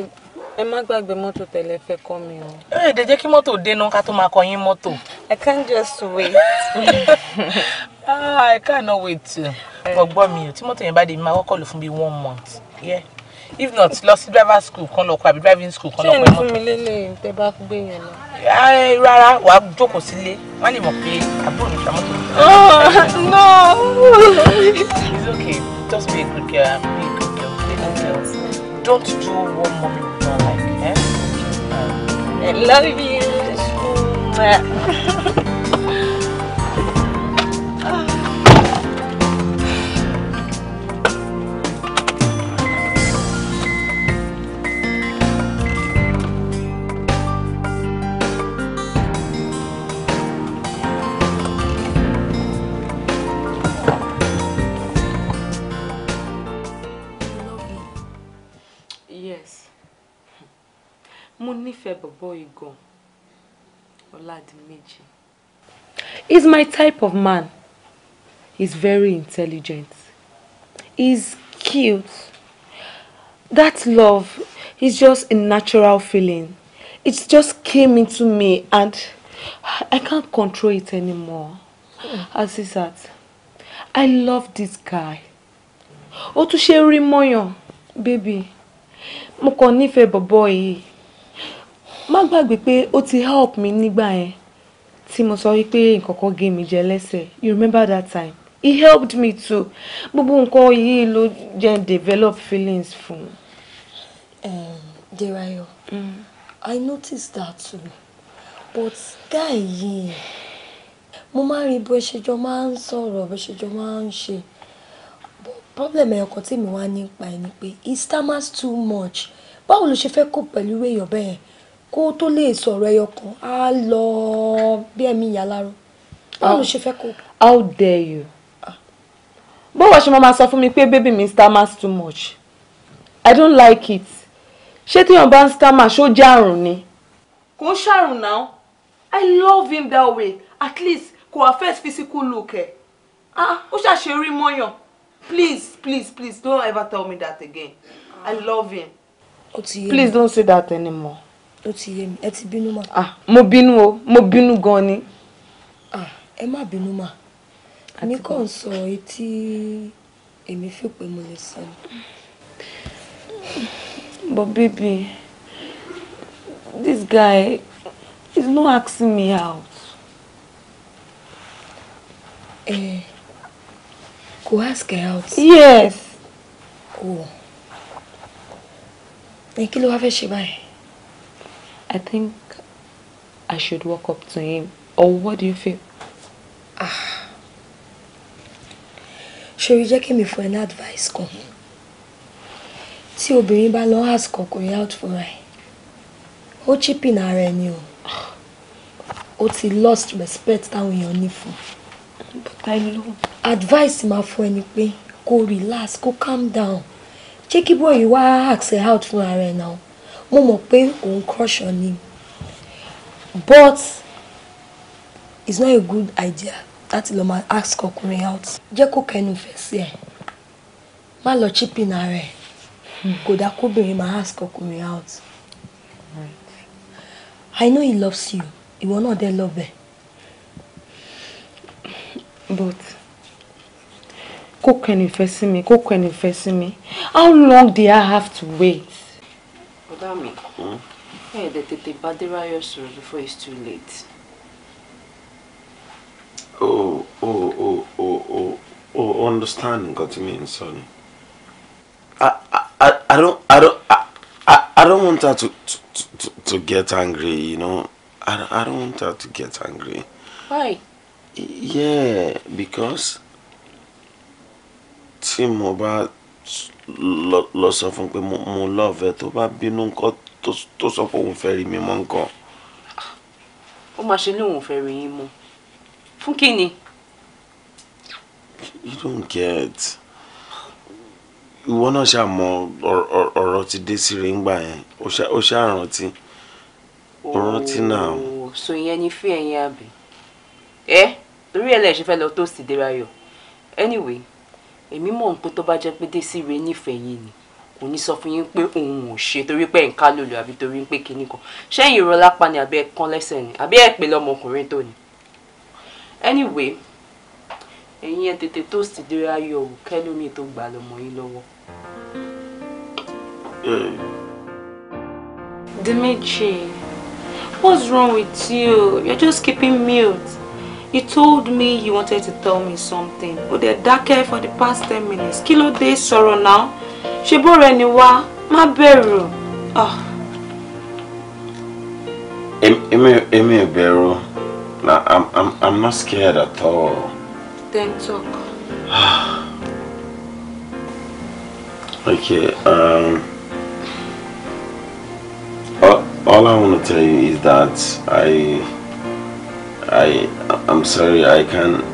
ẹ má gbàgbé mọ́tò tẹ̀lé fẹ́ kọ́ mi o. ẹ ẹ dẹ jẹ́ kí mọ́tò dénú ká tó máa kọ yín mọ́tò. I can't just wait. [LAUGHS] ah I cannot wait. ọgbọ́n mi ò tí mọ́tò yẹn bá dé mi máa kọ́kọ́ lò fún bíi one month. Yeah if not lọ sí driver school kan lọ kọ àbí driving school kan lọ pẹ̀lú. ṣé ẹni fún mi lélẹ̀ tẹ bá gbé yẹn lọ. rárá wàá jókòó sílé wọn lè mọ pé àbúrò mi ṣàmọ́ oh, no. it's okay just be a good girl and be a good girl play good girls don't do one more you don't like. Eh? I love you. Mm, [LAUGHS] mo nífẹ̀ẹ́ bọ̀bọ̀ igan ọ̀làdìmẹ́jì. he's my type of man he's very intelligent he's cute that love is just a natural feeling it just came into me and I can't control it anymore as hmm. is that I love this guy O tún ṣe rí mọ́yàn bébì mo kàn nífẹ̀ẹ́ bọ̀bọ̀ yìí má gbàgbé pé ó ti help me, nígbà yẹn tí mo sọ wípé nǹkan kan gé mi jẹ lẹ́sẹ̀ you remember that time he helped me too gbogbo nǹkan yìí ló jẹ́ develop feelings fún. Um, Derayo mm. I noticed that too but guy yìí mo máa ń rí bó ṣe jọ máa ń sọ̀rọ̀ bó ṣe jọ máa ń ṣe problem ẹ̀yọ̀kọ̀ tí mi wá nípa ẹ̀ ni pé he stammers too much báwo ló ṣe fẹ́ kó pẹ̀lú èèyàn bẹ́ẹ̀ yẹn kó tó lè sọ̀rọ̀ ẹyọ kan á lọ bí ẹ̀mí ìyá láró báwo ṣe fẹ́ kó. how dare you ah. bọ́wọ́ ṣe máa sọ fún mi pé baby mi stammers too much i don't like it ṣé téèyàn bá ń stammer ṣó jẹ́ àrùn ni. kò ń ṣàrùn náà i love him that way at least kò first physical look ẹ̀ ah ó ṣàṣeré mọ́yàn please please please don't ever tell me that again i love him. please don't say that anymore ó ti yé mi ẹ ti bínú mà. ah mo bínú o mo bínú gan ni. ah ẹ má bínú mà èmi kàn ń sọ èyí tí èmi fi pé mo lè sọ but baby this guy is not asking me out. Eh, go ask her out. yes. oh ẹ kí ló wá fẹ́ ṣe báyìí. I think I should walk up to him. Or what do you feel? Ah. Ṣorí jẹ́ kí mi fún ẹ ní advice kan. Tí obìnrin bá lọ ask ọkùnrin out for ẹ̀, ó chipping ara ẹni o. Ó ti lost respect táwọn èèyàn ní fún. But I know. Advice máa fún ẹni pé kó relax, kó calm down. Jẹ́ kí bọ́ọ̀yì wá ask out fún ara ẹ̀ náà mo mọ̀ pé òun crush on him but it's not a good idea láti lọ máa ask ọkùnrin out jẹ́ kó kẹnu fẹ́ sí ẹ̀ má lọ chipping ara ẹ̀ kò dáa kóbìnrin máa ask ọkùnrin out I know he loves you ìwọ náà dé lọ́bẹ̀ but kó kẹnu fẹ́ sí mi kó kẹnu fẹ́ sí me? how long do I have to wait bá mi hmm? ẹ dẹ̀ tètè bá Adéráyọ̀ sọ̀rọ̀ before it's too late. Oh, oh, oh, oh, oh, oh! understand nǹkan tí mi son. sọ I I I don't I don't I I, I don't want her to, to to to get angry you know I I don't want her to get angry. why. yeah because tí mobile lọ sọ fún pé mo love ẹ tó bá bínú nǹkan tó sọ pé òun fẹ́ rí mi mọ́ nǹkan. ó máa ṣe ní òun fẹ́ rí yín mọ́ fún kí ni. you don't get ìwọ náà ṣàmọ ọ̀rọ̀ ti dé sí rí ngbà yẹn ó ṣàrántí ó rántí náà. so ìyẹn ni fí ẹ̀yin àbí ẹ torí ẹ lẹ ṣe fẹ́ lọ tó sì dé rayọ anyway èmi mọ̀ pé tó bá jẹ́ pé Désìrè nífẹ̀ẹ́ yín ni kò ní sọ fún yín pé òun ò ṣe torí pé nǹkan lòlò àbí torí pé kinní kan ṣẹ́yìn ìrọ̀lá pa àbí ẹ̀kan lẹ́sẹ̀ ni àbí ẹ̀ pé tó ni. anyway ẹ̀yin ẹ̀ tètè tó sì dé ayọ̀ òwò kẹ́lómi tó gbà lọ́mọ yín lọ́wọ́. Dimitri, what's wrong with you? You're just keeping mute. You told me you wanted to tell me something. they're dark dákẹ́ for the past ten minutes. Kí ló dé sọ̀rọ̀ náà? Ṣé bọ́ọ̀rẹ́ ni wá? Má bẹ̀rù. Ah. Èmi èmi ò bẹ̀rù. Nah, I'm, I'm, I'm not scared at all. Then talk. [SIGHS] okay, um... all I want to tell you is that I... I I'm sorry I can't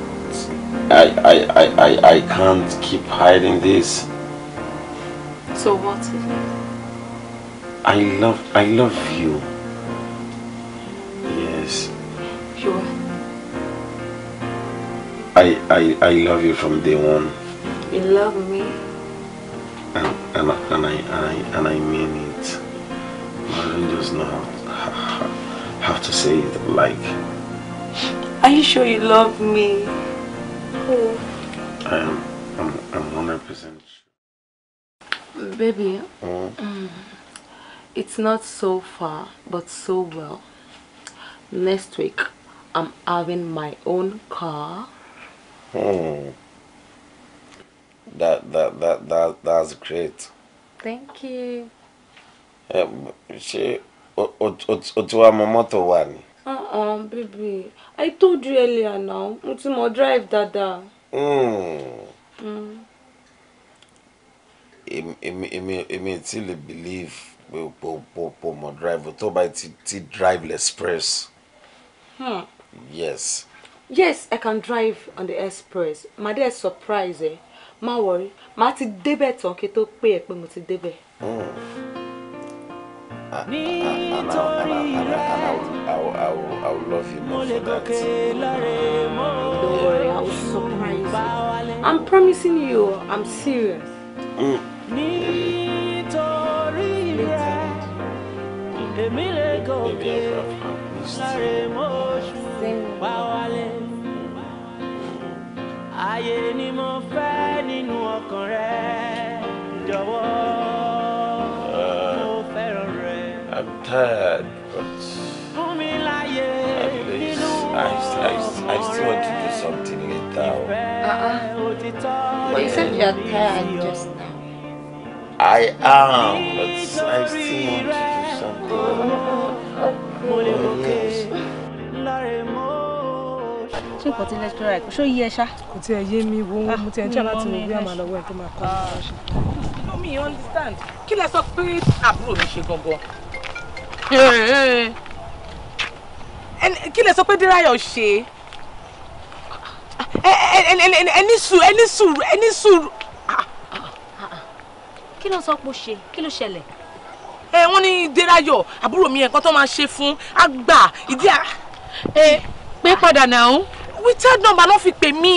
I, I, I, I, I can't keep hiding this. So what is it? I love I love you. Yes. Sure. I, I I love you from day one. You love me? And and, and I and I and I mean it. I don't just know how, how, how to say it like Are you sure you love me? Oh. I am. I'm, I'm 100% sure. Baby, oh. mm, it's not so far, but so well. Next week, I'm having my own car. Oh. That, that, that, that, that's great. Thank you. She um, o o o o wá mọ mọ́tò wa ni. Uh-uh, baby. I told you earlier now. Mo ti mọ drive dáadáa. Hmm. Hmm. Èmi ti lè believe pé po we, po mọ drive tó bá ti ti drive express. Hmm. Yes. Yes, I can drive on the express. My dé surprise Eh. Má worry, My, ti débẹ̀ tán kí tó pé ẹ pé mo ti Mm nítorí rẹ mo lè gòkè lọ́rẹ̀ mọ́. Don't worry, I will surprise you. I'm promising you, I'm serious. Mm. nítorí rẹ èmi lè gòkè lọ́rẹ̀ mọ́ oṣù báwálé. Ayé ni mo fẹ́ nínú ọkàn rẹ. tired, but at I, I, I still want to do something later. Uh-uh. But you said you are tired just now. I am, but I still want to do something. Oh, yes. ṣé nǹkan tí lẹ́tírọ̀ ẹ̀kọ́ ṣó yí ẹ ṣá. kò tí ẹ yé mi wo ah, mo ti ẹ jẹ́ láti mú bí àmà lọ́wọ́ ẹ tó máa kọ́ ọ́ ṣe. Ah, mi understand kí lẹ sọ pé àbúrò mi ṣe gangan [LAUGHS] kí lè sọ pé dírayọ̀ ṣe ẹni sùúrù ẹni sùúrù ẹni sùúrù. kí ló sọ pé ó ṣe kí ló ṣẹlẹ̀. ẹ wọ́n ní dírayọ̀ àbúrò mi nǹkan tó máa ṣe fún àgbà ìdí à. ẹ pé padà náà. wítẹ́ẹ̀dì nọ́mbà ló fi pè mí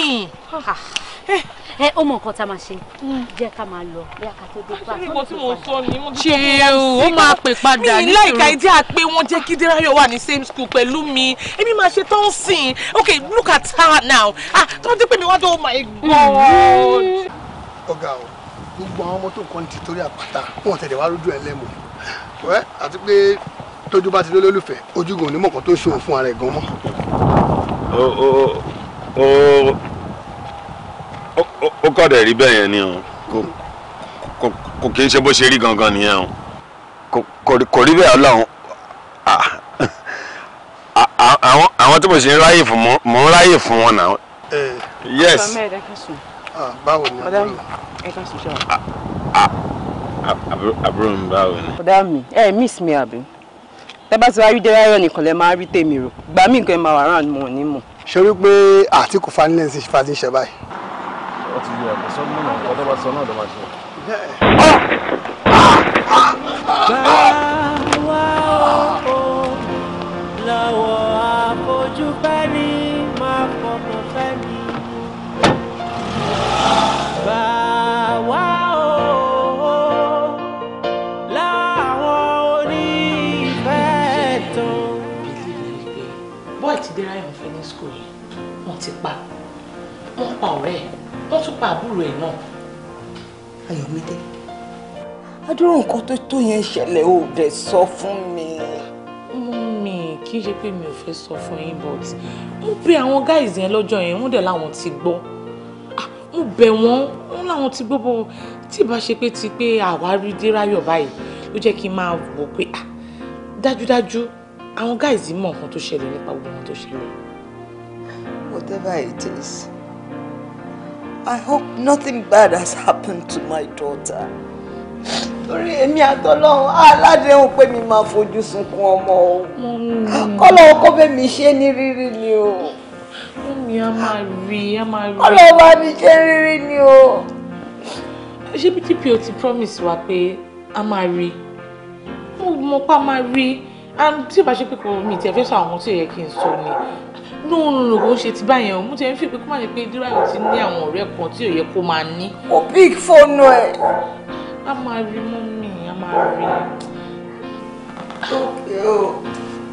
ẹ ó mọ nǹkan tá a máa ṣe mm. jẹ́ ká máa lọ bóyá ká tó dé pa. ṣe o ó máa pè padà nítorí. mi láìka ìdí àpé wọ́n jẹ́ kí Dérayọ̀ wà ní same school pẹ̀lú mi èmi máa ṣe tán sìn ok look at her now ah tó bá dé pé mi wá tó oh my god. ọ̀gá o gbogbo àwọn ọmọ tó kàn ti torí àpáta wọn tẹ̀lé wá lójú ẹ lẹ́mu àti pé tójú bá ti lólólùfẹ́ ojúgun onímọ̀ kan tó ń ṣòwò fún ara ẹ̀ gan mọ́ ó kọ̀dẹ̀ rí bẹ́ẹ̀ yẹn ni o kò kì í ṣe bó ṣe rí gangan nìyẹn o. kò rí bẹ́ẹ̀ ọlọ́run àwọn tí mo ṣe ń ráyè fún mo ń ráyè fún wọn náà. yes. báwo ni àbúrò àbúrò mi báwo ni. ọ̀dà mi ẹ miss mi àbí tẹ bá ti wá rí dẹ́rẹ́rẹ́ nìkan lẹ máa rí tèmi rò gbà mí nǹkan ẹ máa wà ráàn mọ̀ ní mọ̀. ṣé o rí pé àtìkù fanilẹ́ǹsì fati ń ṣe báyìí ti yọ ẹ̀kọ́ sọ́nù náà kọ́ tó bá sọ náà ló máa ṣe. báwa o lọ́wọ́ àfojú fẹ́ ni máa fọkàn fẹ́ ni. báwa o láwọn onífẹ́ tó. bọ́ọ̀ ti dé ráyọ̀ fẹ́ ní school wọ́n ti pa wọ́n pa ọ̀rẹ́ ẹ̀ wọ́n tún pa àbúrò ẹ̀ náà. Ayọ̀mídé adúrò nǹkan tó tó yẹn ṣẹlẹ̀ ò dẹ̀ sọ fún mi. mú mi kì í ṣe pé mi ò fẹ́ sọ fún yín but mo bẹ̀ àwọn guys yẹn lọ́jọ́ yẹn wọ́n dẹ̀ láwọn ti gbọ́ ah, mo bẹ̀ wọ́n wọ́n láwọn ti gbọ́ bọ́ tí ìbá ṣe pé ti pé àwárí déráyọ̀ báyìí ló jẹ́ kí n máa wò pé ah, dájúdájú àwọn guys mọ̀ nǹkan tó ṣẹlẹ̀ nípa gbogbo nǹkan tó ṣẹlẹ̀. whatever it is. I hope nothing bad has happened to my daughter. Torí èmi àtọ́lọ́run aládéhùn pé mi máa fojú sunkún ọmọ o. Kọ́lọ́wọ́ kó bẹ́ mi ṣe ní rírí ni o. Mọ́mí a máa rí a máa rí. Kọ́lọ́wọ́ bá mi ṣe rírí ni o. Ṣé DPO ti promise wa pé a máa rí? Mo mọ̀ pé a máa rí. And tí o bá ṣe pé kò mi sọ àwọn tí ò yẹ kí n sọ ni no no no kò ṣe ti báyẹn o mo ti ẹ̀ ń fi pé kó má ṣe pé díráyò ti ní àwọn ọ̀rẹ́ kan tí ò kó máa ní. kò pick fóònù ẹ. a máa rí mọ́mì a máa rí.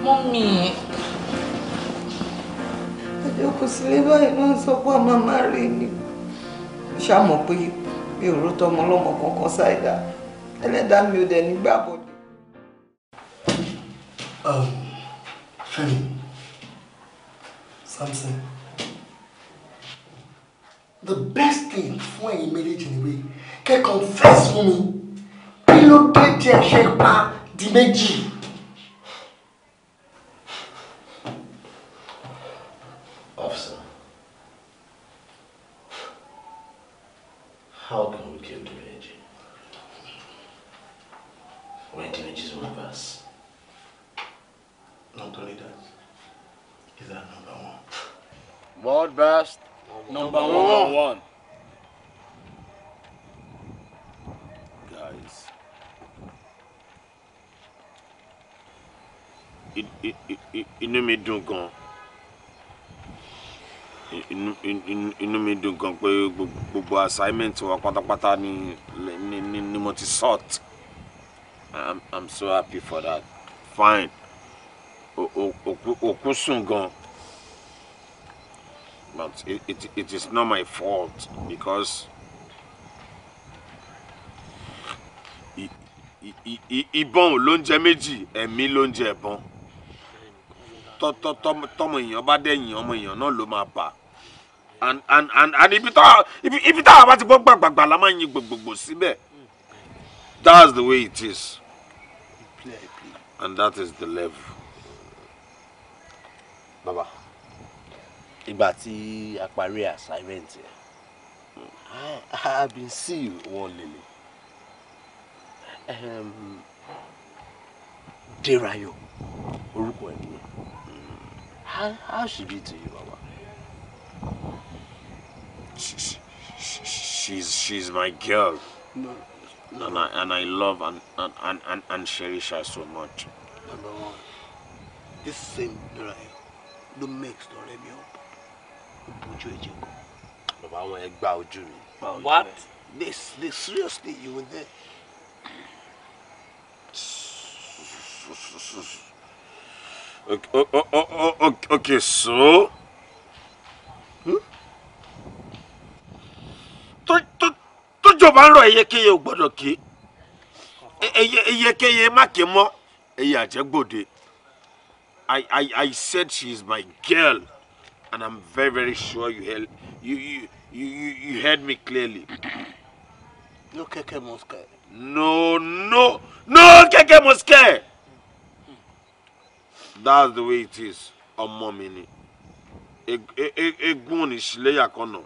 mọ́mì. ọjọ́ kò sí lé báyìí náà sọ pé a máa máa rí ni. ṣáà mọ̀ pé mi ò rótọ́ ọmọ ọlọ́mọ kankan ṣáìdá ẹlẹ́dàá mi ò dẹ̀ nígbà bọ̀dọ̀. Um, Fẹ́mi. Samson. The best thing fún ẹ̀yin méjèèjì ni pé kẹ́ confess fún mi kí ló dé tí ẹ ṣe pa di méjì. mi dùn gan inú mi dùn gan pé gbogbo assignment wa pátápátá ni ni ni mo ti sort i'm i'm so happy for that fine òkú sùn gan but it, it it is not my fault because ìbọn ò ló ń jẹ méjì ẹ̀mí ló ń jẹ ẹ̀bọn tọmọ èèyàn bá dẹ̀yìn ọmọ èèyàn náà ló máa bà and ibi tá ibi tá a bá ti gbọ́ gbàgbàgbà la máa ń yin gbogbogbò síbẹ̀ that's the way it is and that is the level. baba ìgbà tí a parí assignment yẹn i have been see you one lele um, Derayo orúkọ ẹ̀ nìyẹn How, how she be to you, Mama? She, she's she's my girl. No. And I and I love and and, and, and cherish her so much. Number one. This same drive ló make story me up. Ó bójú ẹ̀jẹ̀ kan. Bàbá wọn ẹ gba ojú mi. What? This this seriously you were there. Okay, oh oh, oh, oh, oh, okay so. tójọba ń rọ eyekeye ò gbọ́dọ̀ kí eyekeye má kí mọ eye àjẹgbòde I, I I said she is my girl and I'm very very sure you heard you you you, you heard me clearly. no keke must care. no no no keke must care that's the way it is ọmọ mi ni egun e-, e-, oníṣiléyà kan nà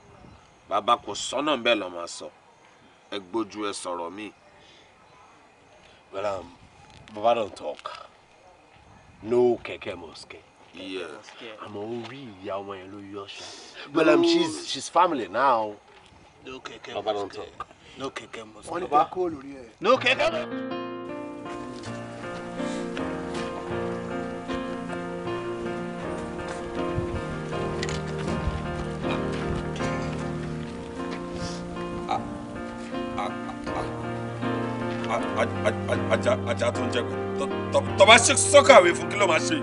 bàbá kò sọ́nà bẹ́ẹ̀ lọ́ máa sọ ẹ gbójú ẹ sọ̀rọ̀ mi. well um, baba don talk no keke mosque. àmọ́ orí ìyá ọmọ yẹn ló yọ ṣá. well um, she's she's family now. no keke mosque baba don talk. no keke mosque. wọ́n ní kó lórí ẹ̀. no keke mosque. ajá tó ń jẹ pé tó bá ṣe sọ́kàwé fún kí ló máa ṣe.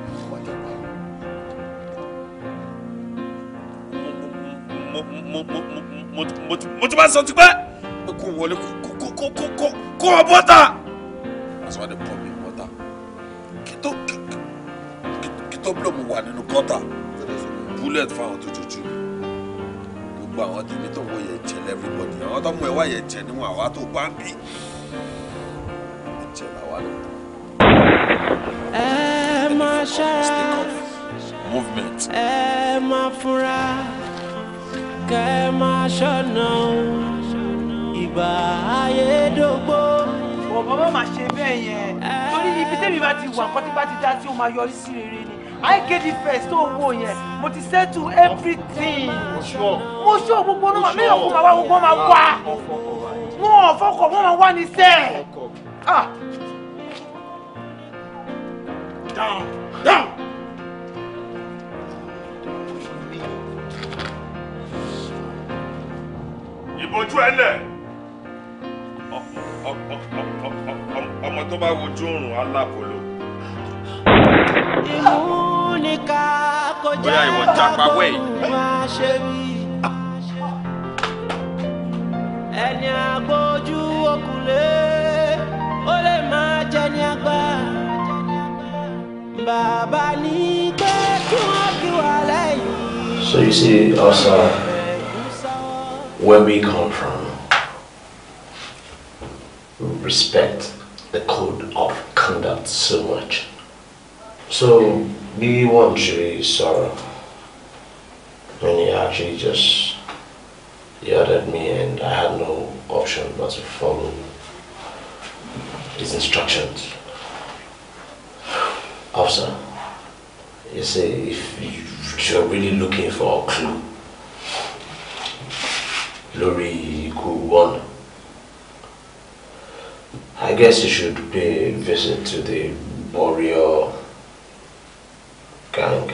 mo ti máa sọ ti pẹ́ kó wọlé kó wọ bọ́tà. that's why they call me bọ́tà kí tó kí tó bílọ̀ mo wà nínú gọ́tà bullet fáwọn tó jojú mi gbogbo àwọn tèmi tó wọ yẹn jẹ lẹ́fíbọ̀dì àwọn tó mú ẹ wá yẹn jẹ níwọ̀n àwa tó bá ń bì í jẹ làwa lọ. ẹ máa ṣọ́ra movement. ẹ máa fura kẹ ẹ máa ṣọ́nà ìgbà ayédògbò. bọ̀bọ̀ bá máa ṣe bẹ́ẹ̀ yẹn torí ibi tẹ́mi bá ti wà kọ́tí bá ti dá tí ó máa yọrí sí rere ni àìkéde first tó wò yẹn mo ti settle everything mo ṣọ́ gbogbo náà mi ò kó máa wá gbogbo máa wá wọn ò fọkọ̀ wọn máa wá ní sẹ́ẹ̀. Ah! Down! Down! Ìbojú ẹ lẹ̀. Ọmọ tó bá wojú oòrùn alápolo. Ìlú ni ká kọjá àgbàgbọ́n máa ṣe rí. Ẹni àgbójú okùnlé. So you see also where we come from. Respect the code of conduct so much. So we want to be sorry. And he actually just yelled at me and I had no option but to follow his instructions officer. You say, if you're really looking for a clue, lórí ikú one. I guess you should pay a visit to the Borio gang.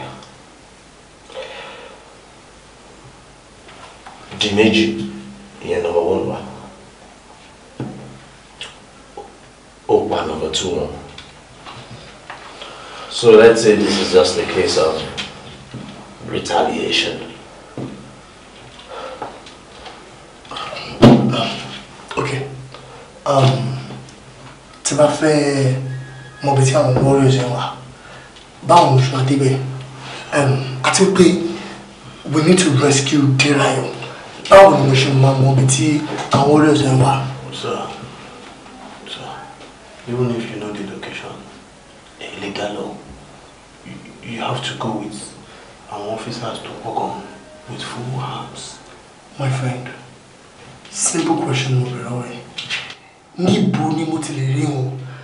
Di you ìyẹn number one wa. Ó pa number two So let's say this is just a case of retaliation. Um, okay. Um, To my fẹ́ mọ bí tí àwọn warriors yẹn wà báwọn oṣù àdébẹ̀ um, àti pé we need to rescue Derayo báwo ni mo ṣe máa mọ bí tí warriors and wà. Sir, sir, even if you know the location, illegal law you have to go with our officers to work on with full hands, My friend, simple question will be ni mo ti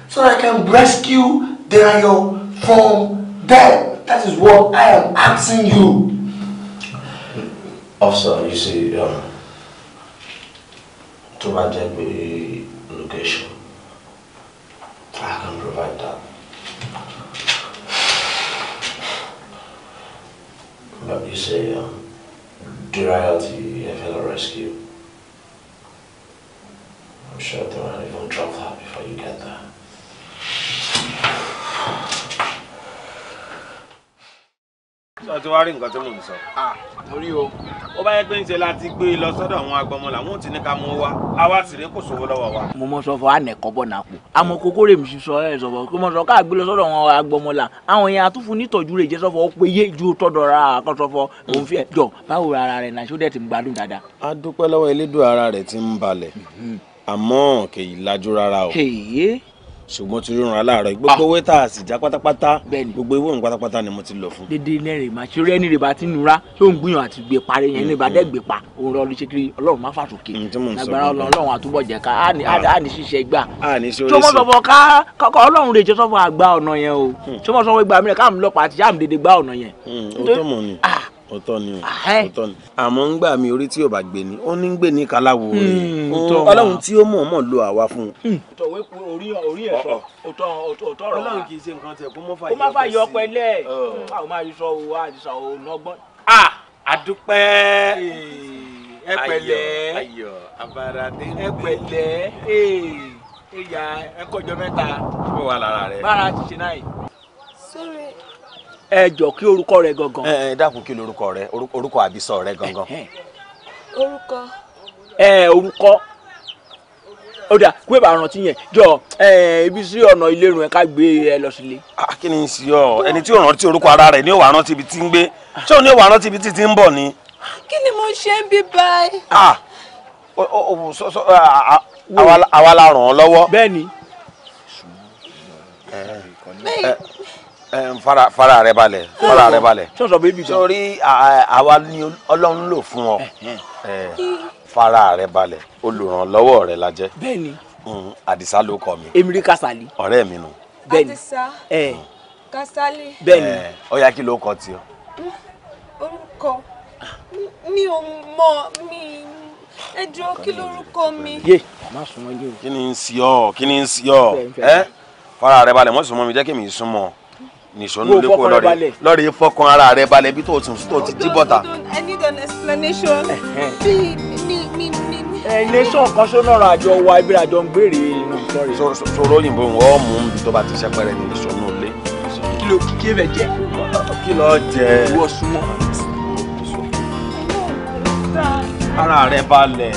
so I can rescue Dayo from them. That is what I am asking you. Officer, you see, um, tó bá location, I can provide that. But you say um, Durality a Rescue. I'm sure they won't even drop that before you get there. sọ ti wá rí nǹkan tí mò ń sọ. torí o. ó bá yẹ pé ń ṣe láti gbé lọ sọ́dọ̀ àwọn agbọmọ làwọn ò ti ní ká mú wa àwa sì rèé kò sówó lọ́wọ́ wa. mo mọ sọ fọ àná ẹkọ bọ nàpọ àmọ́ kókó rèmi sì sọ ẹ sọfọ kí mo sọ ká gbé lọ sọ́dọ̀ àwọn agbọmọ là àwọn yẹn àtúfù nítọ̀jú rẹ jẹ sọfọ ó pé ju tọdọ ra àkọsọfọ òun fi jọ báwo ara rẹ náà ṣó ti ń gbádùn dáadáa. a dúpẹ́ lọ́wọ́ elédùn ara rẹ̀ ti ń balẹ̀ mhm. àmọ́ kèyí lajú rárá o. kèyí ṣùgbọ́n tí rírun aláàárọ̀ gbogbo ah. owó tá a sì já pátápátá gbogbo owó òun pátápátá ni mo ti lọ fún. dédé ilé rè máa ṣeré ẹni rè bá ti nura tó ń gbìyànjú àti gbé parí yẹn ní ìbàdàn gbé pa òun rọrùn ṣe kiri ọlọ́run má fàtòkè lágbára ọlọ́run àtúbọ̀ jẹ́ ká á ní ṣiṣẹ́ gbà. tó mọ sọ fọ ká kọ́kọ́ ọlọ́run lè jẹ́ sọ́fọ́ àgbà ọ̀nà yẹn o tó hmm. mọ sọ fọ gbà mí rẹ̀ káàmù lọ́pàá àti yáàmù dédé gbà ọ̀nà yẹn. Hmm, ó tọ́ mọ̀ ni. Ah, ọ̀tọ̀ ni o ọ̀tọ̀ ni àmọ́ ń gbà mí orí tí yóò bá gbé ni ó ní ń gbé ní kaláwo rẹ ọlọ́run tí ó mọ̀ọ́mọ̀ lo àwa fún un. Hmm. tọ̀wé ku orí orí ẹ̀ sọ ọ̀tọ̀ ọ̀tọ̀ ọ̀rọ̀ ọlọ́run kì í ṣe nǹkan tẹ̀ kó mọ́ fàyè ọpẹ́ sí i. kó má fàyè ọpẹ́ lẹ̀ káwọn máa yọ sọ owó àdìsá òun ọgbọ́n. a àdúpẹ́ ẹ pẹ̀lẹ́ ayọ̀ abarade ẹ ẹyà e ẹkọjọ mẹ́ta. bó wà lára rẹ. bára ti ṣe náà yìí. sórí ẹ jọ kí orúkọ rẹ gangan. ẹ ẹ dákun kí lorúkọ rẹ orúkọ àbísọ rẹ gangan. orúkọ. ẹ orúkọ ó dà pé bàá rántí yẹn jọ ibi sí ọ̀nà ilé rẹ̀ ká gbé ẹ lọ sílé. kí ni sí ọ ẹni tí ò rántí orúkọ ara rẹ ni ó wà rántí ibi tí ń gbé ṣé òun ni ó wà rántí ibi tí ti ń bọ̀ ni. kí ni mo ṣe ń bí báyìí. àwa la ràn án lọ́wọ́. bẹ́ẹ̀ ni fara fara rẹ balẹ̀ fara rẹ balẹ̀ sórí àwa ni ọlọ́run lò fún ọ fara rẹ balẹ̀ olùrànlọ́wọ́ rẹ la jẹ́ bẹ́ẹ̀ni hmm, àdìsá ló kọ mi emiri kasali ọ̀rẹ́ mi nù bẹ́ẹ̀ni àdìsá hmm. kasali bẹ́ẹ̀ni ó kí ló kọ tiọ. orúkọ mi ò mọ mi ẹ jọ kí lórúkọ mi. yé má sùn mọ́ yé o. kí ni ń sí ọ kí ni ń sí ọ fara rẹ balẹ̀ mọ́ sùn mi jẹ́ kí mi sún mọ́ nìṣọ́nù lè kó lọ́ọ̀rì lọ́ọ̀rì fọkàn ara rẹ balẹ̀ bí tó ti tó ti jí bọ́ta. I need an explanation. [LAUGHS] bí mi mi mi. ẹ nation kan sọ́nà ọ̀rọ̀ àjọ wa ibi àjọ ń gbèrè inú sọ́ọ̀rì. sọ̀rọ̀ òyìnbó wọn ò mú ibi tó bá ti ṣẹ́pẹ̀rẹ̀ ní nìṣọ́nù lé. kí ló kí ẹ bẹ jẹ. kí ló jẹ. ìwọ súnmọ́. ara rẹ balẹ̀.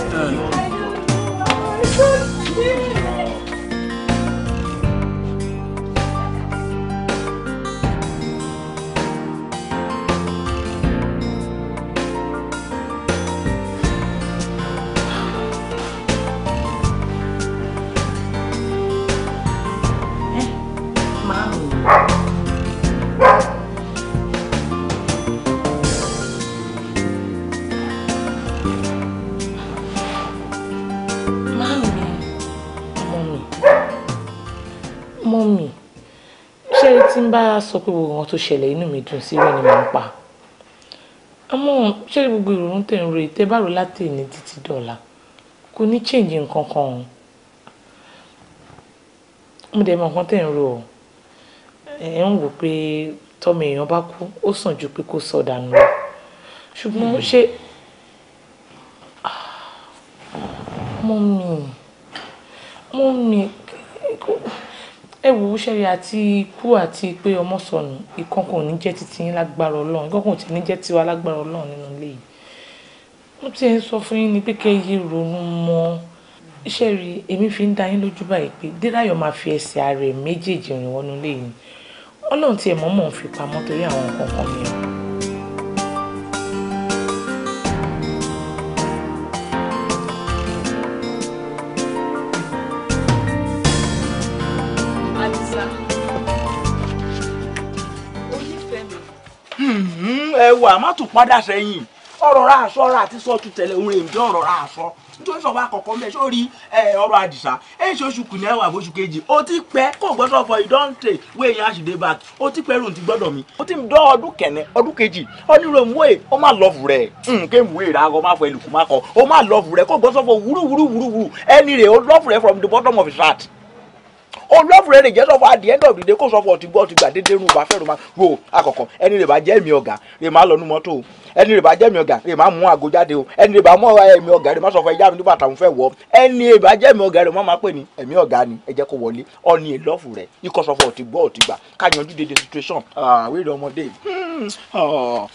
bá sọ pé gbogbo wọn tó ṣẹlẹ̀ inú mi dùn sí ìròyìn mò ń pa àmọ́ ṣé gbogbo ìrònú tẹ̀ ń ròyìn tẹ́ bá láti ní títí dọ̀la kò ní change nǹkan kan o mo dẹ̀ mọ nǹkan tẹ̀ ń rò ẹ̀ ń wò pé tọ́mọ èèyàn bá kú ó sàn ju pé kó sọ dànù lọ ṣùgbọ́n hmm. ṣé mọ́mì mọ́mì kò ẹ wò ó ṣẹ́rí àti ikú àti pé ọmọ sọnù ìkankan ò ní jẹ́ títí yín lágbára ọlọ́run ìkankan ò ti ní jẹ́ tiwa lágbára ọlọ́run nínú ilé yìí mo ti ń sọ fún yín ni pé kẹ́ yé ronú mọ́ ṣẹ́rí èmi fi ń da yín lójú báyìí pé dédáyọ̀ máa fi ẹsẹ̀ ààrẹ méjèèjì rìn wọnú ilé yìí ọlọ́run tiẹ̀ mọ́ mọ́ ń fi pamọ́ torí àwọn nǹkan kan yẹn. wà má tún padà sẹ́yìn ọ̀rọ̀ ra aṣọ ọ̀rọ̀ àti sọ́ọ̀tù tẹ̀lé òun rèé ọ̀rọ̀ ra aṣọ nítorí sọ̀rọ̀ àkọ́kọ́ mẹ́ sórí ọ̀rọ̀ àdìsá èyí ṣe oṣù kìnìún ẹ̀wà oṣù kejì ó ti pẹ́ kó gbọ́dọ̀ fọ ìdọ́ǹtè wé èèyàn àṣìdé bá ó ti pẹ́ ròǹtì gbọ́dọ̀ mi ó ti dán ọdún kẹ̀nẹ́ ọdún kejì oníròmù wẹ̀ ó má lọ́ọ̀fù rẹ̀ kéwù èrè akọ má fọ ẹlùkù má kọ ó má lọ́ọ̀fù rẹ̀ kó gbọ́dọ̀ fọ wúrúwúrúwúrú ẹni rè ó lọ́ọ̀fù rẹ̀ from the bottom of his heart olóòfùrẹ́ rẹ̀ jẹ́ sọ́fọ́ àdìẹ́ dọ̀bì dé kó sọ́fọ́ ọtí gbọ́ ti gbà dédé rún bá fẹ́ràn máa wo àkọ́kọ́ ẹni rẹ̀ bá jẹ́ mi ọ̀gá rẹ̀ máa lọ nú mọ́tò o ẹni rẹ̀ bá jẹ́ mi ọ̀gá rẹ̀ máa mú àgọ́ jáde o ẹni rẹ̀ bá mọ́ ẹ̀mí ọ̀gá rẹ̀ máa sọ fún ẹja mi nígbà táwọn fẹ́ wọ̀ ẹni rẹ̀ bá jẹ́ mi ọ̀gá rẹ̀ máa máa pè ní ẹ̀mí ọ̀gá ni ẹ jẹ́ kó wọlé ọ̀ni ìlọ́fù rẹ̀ ikọ̀ sọ́fọ́ ọtí gbọ́ ọtí gbà ká yanjú dédé situation àwérè ah, ọmọdé.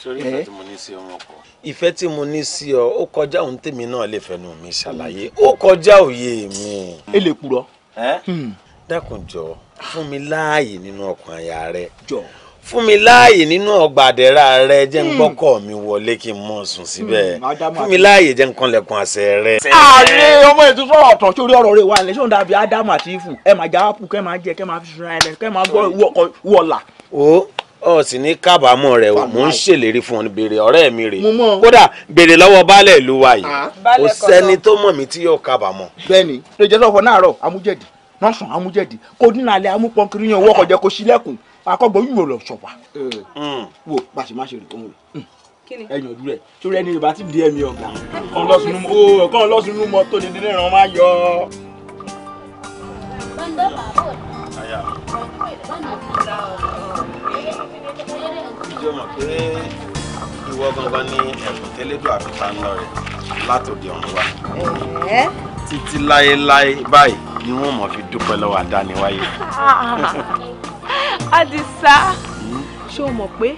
sórí ìfẹ́ tí mo ní sí ọmọ ọkọ ìfẹ́ tí mo ní sí ọ ó kọjá òun tèmi náà lè fẹnu mi ṣàlàyé ó kọjá òye mi. ẹ dákun jọ fún mi láàyè nínú ọkàn àyà rẹ fún mi láàyè nínú ọgbà àdẹ́rà rẹ jẹ́ ń hmm. gbọ́kọ̀ mi wọlé kí n mọ̀ sùn hmm, síbẹ̀ fún mi láàyè jẹ́ ń kanlẹ̀kùn àṣẹ rẹ. ààrẹ ọmọ ètò sọ̀rọ̀ ọ̀tọ̀ sórí ọ̀rọ̀ rẹ wà lẹ́ sóun dàbí ádámù àti ìfù ẹ máa já ápù kẹ́ máa jẹ kẹ́ máa fi sunra ẹ lẹ kẹ́ máa gbọ́ wọ̀ọ̀là. o ọ sì ní kábàámọ̀ rẹ o mò ń ṣèlérí fún ọ béèrè ọ̀rẹ́ mi rè kódà béèrè lọ́wọ́ baálẹ̀ ìlú wa yìí ah. kò sẹ́ni tó mọ̀ mí tí yóò kábàámọ̀. bẹ́ẹ̀ni lè náà rọ amújẹdì lọ́sàn-án amújẹ̀dì kó nínú alẹ́ amúpọ́nkiri yẹn owó ọkọ̀jẹ́ kó sílẹ̀kùn akọ́gbọ́n yìí wò lọ sọ̀pà. wo bàṣẹ má ṣe rè kóhùn rè ẹ̀yàn ojú rẹ̀ torí ẹni yorùbá ti di ẹ̀mí ọ̀gá kọ́ ọlọ́sùnú mọ́ tó ní dídé ràn má yọ. ìjọba pé ìwọ gangan ní ẹ̀bùn tẹ́lẹ́dọ̀ àbíta ńlọ rẹ̀ látòdì ọ̀run wa. títí láéláé báyìí ni wọ́n mọ̀ fi dúpẹ́ lọ́wọ́ àdániwáyé. [LAUGHS] Àdìsá hmm? ṣé o mọ̀ pé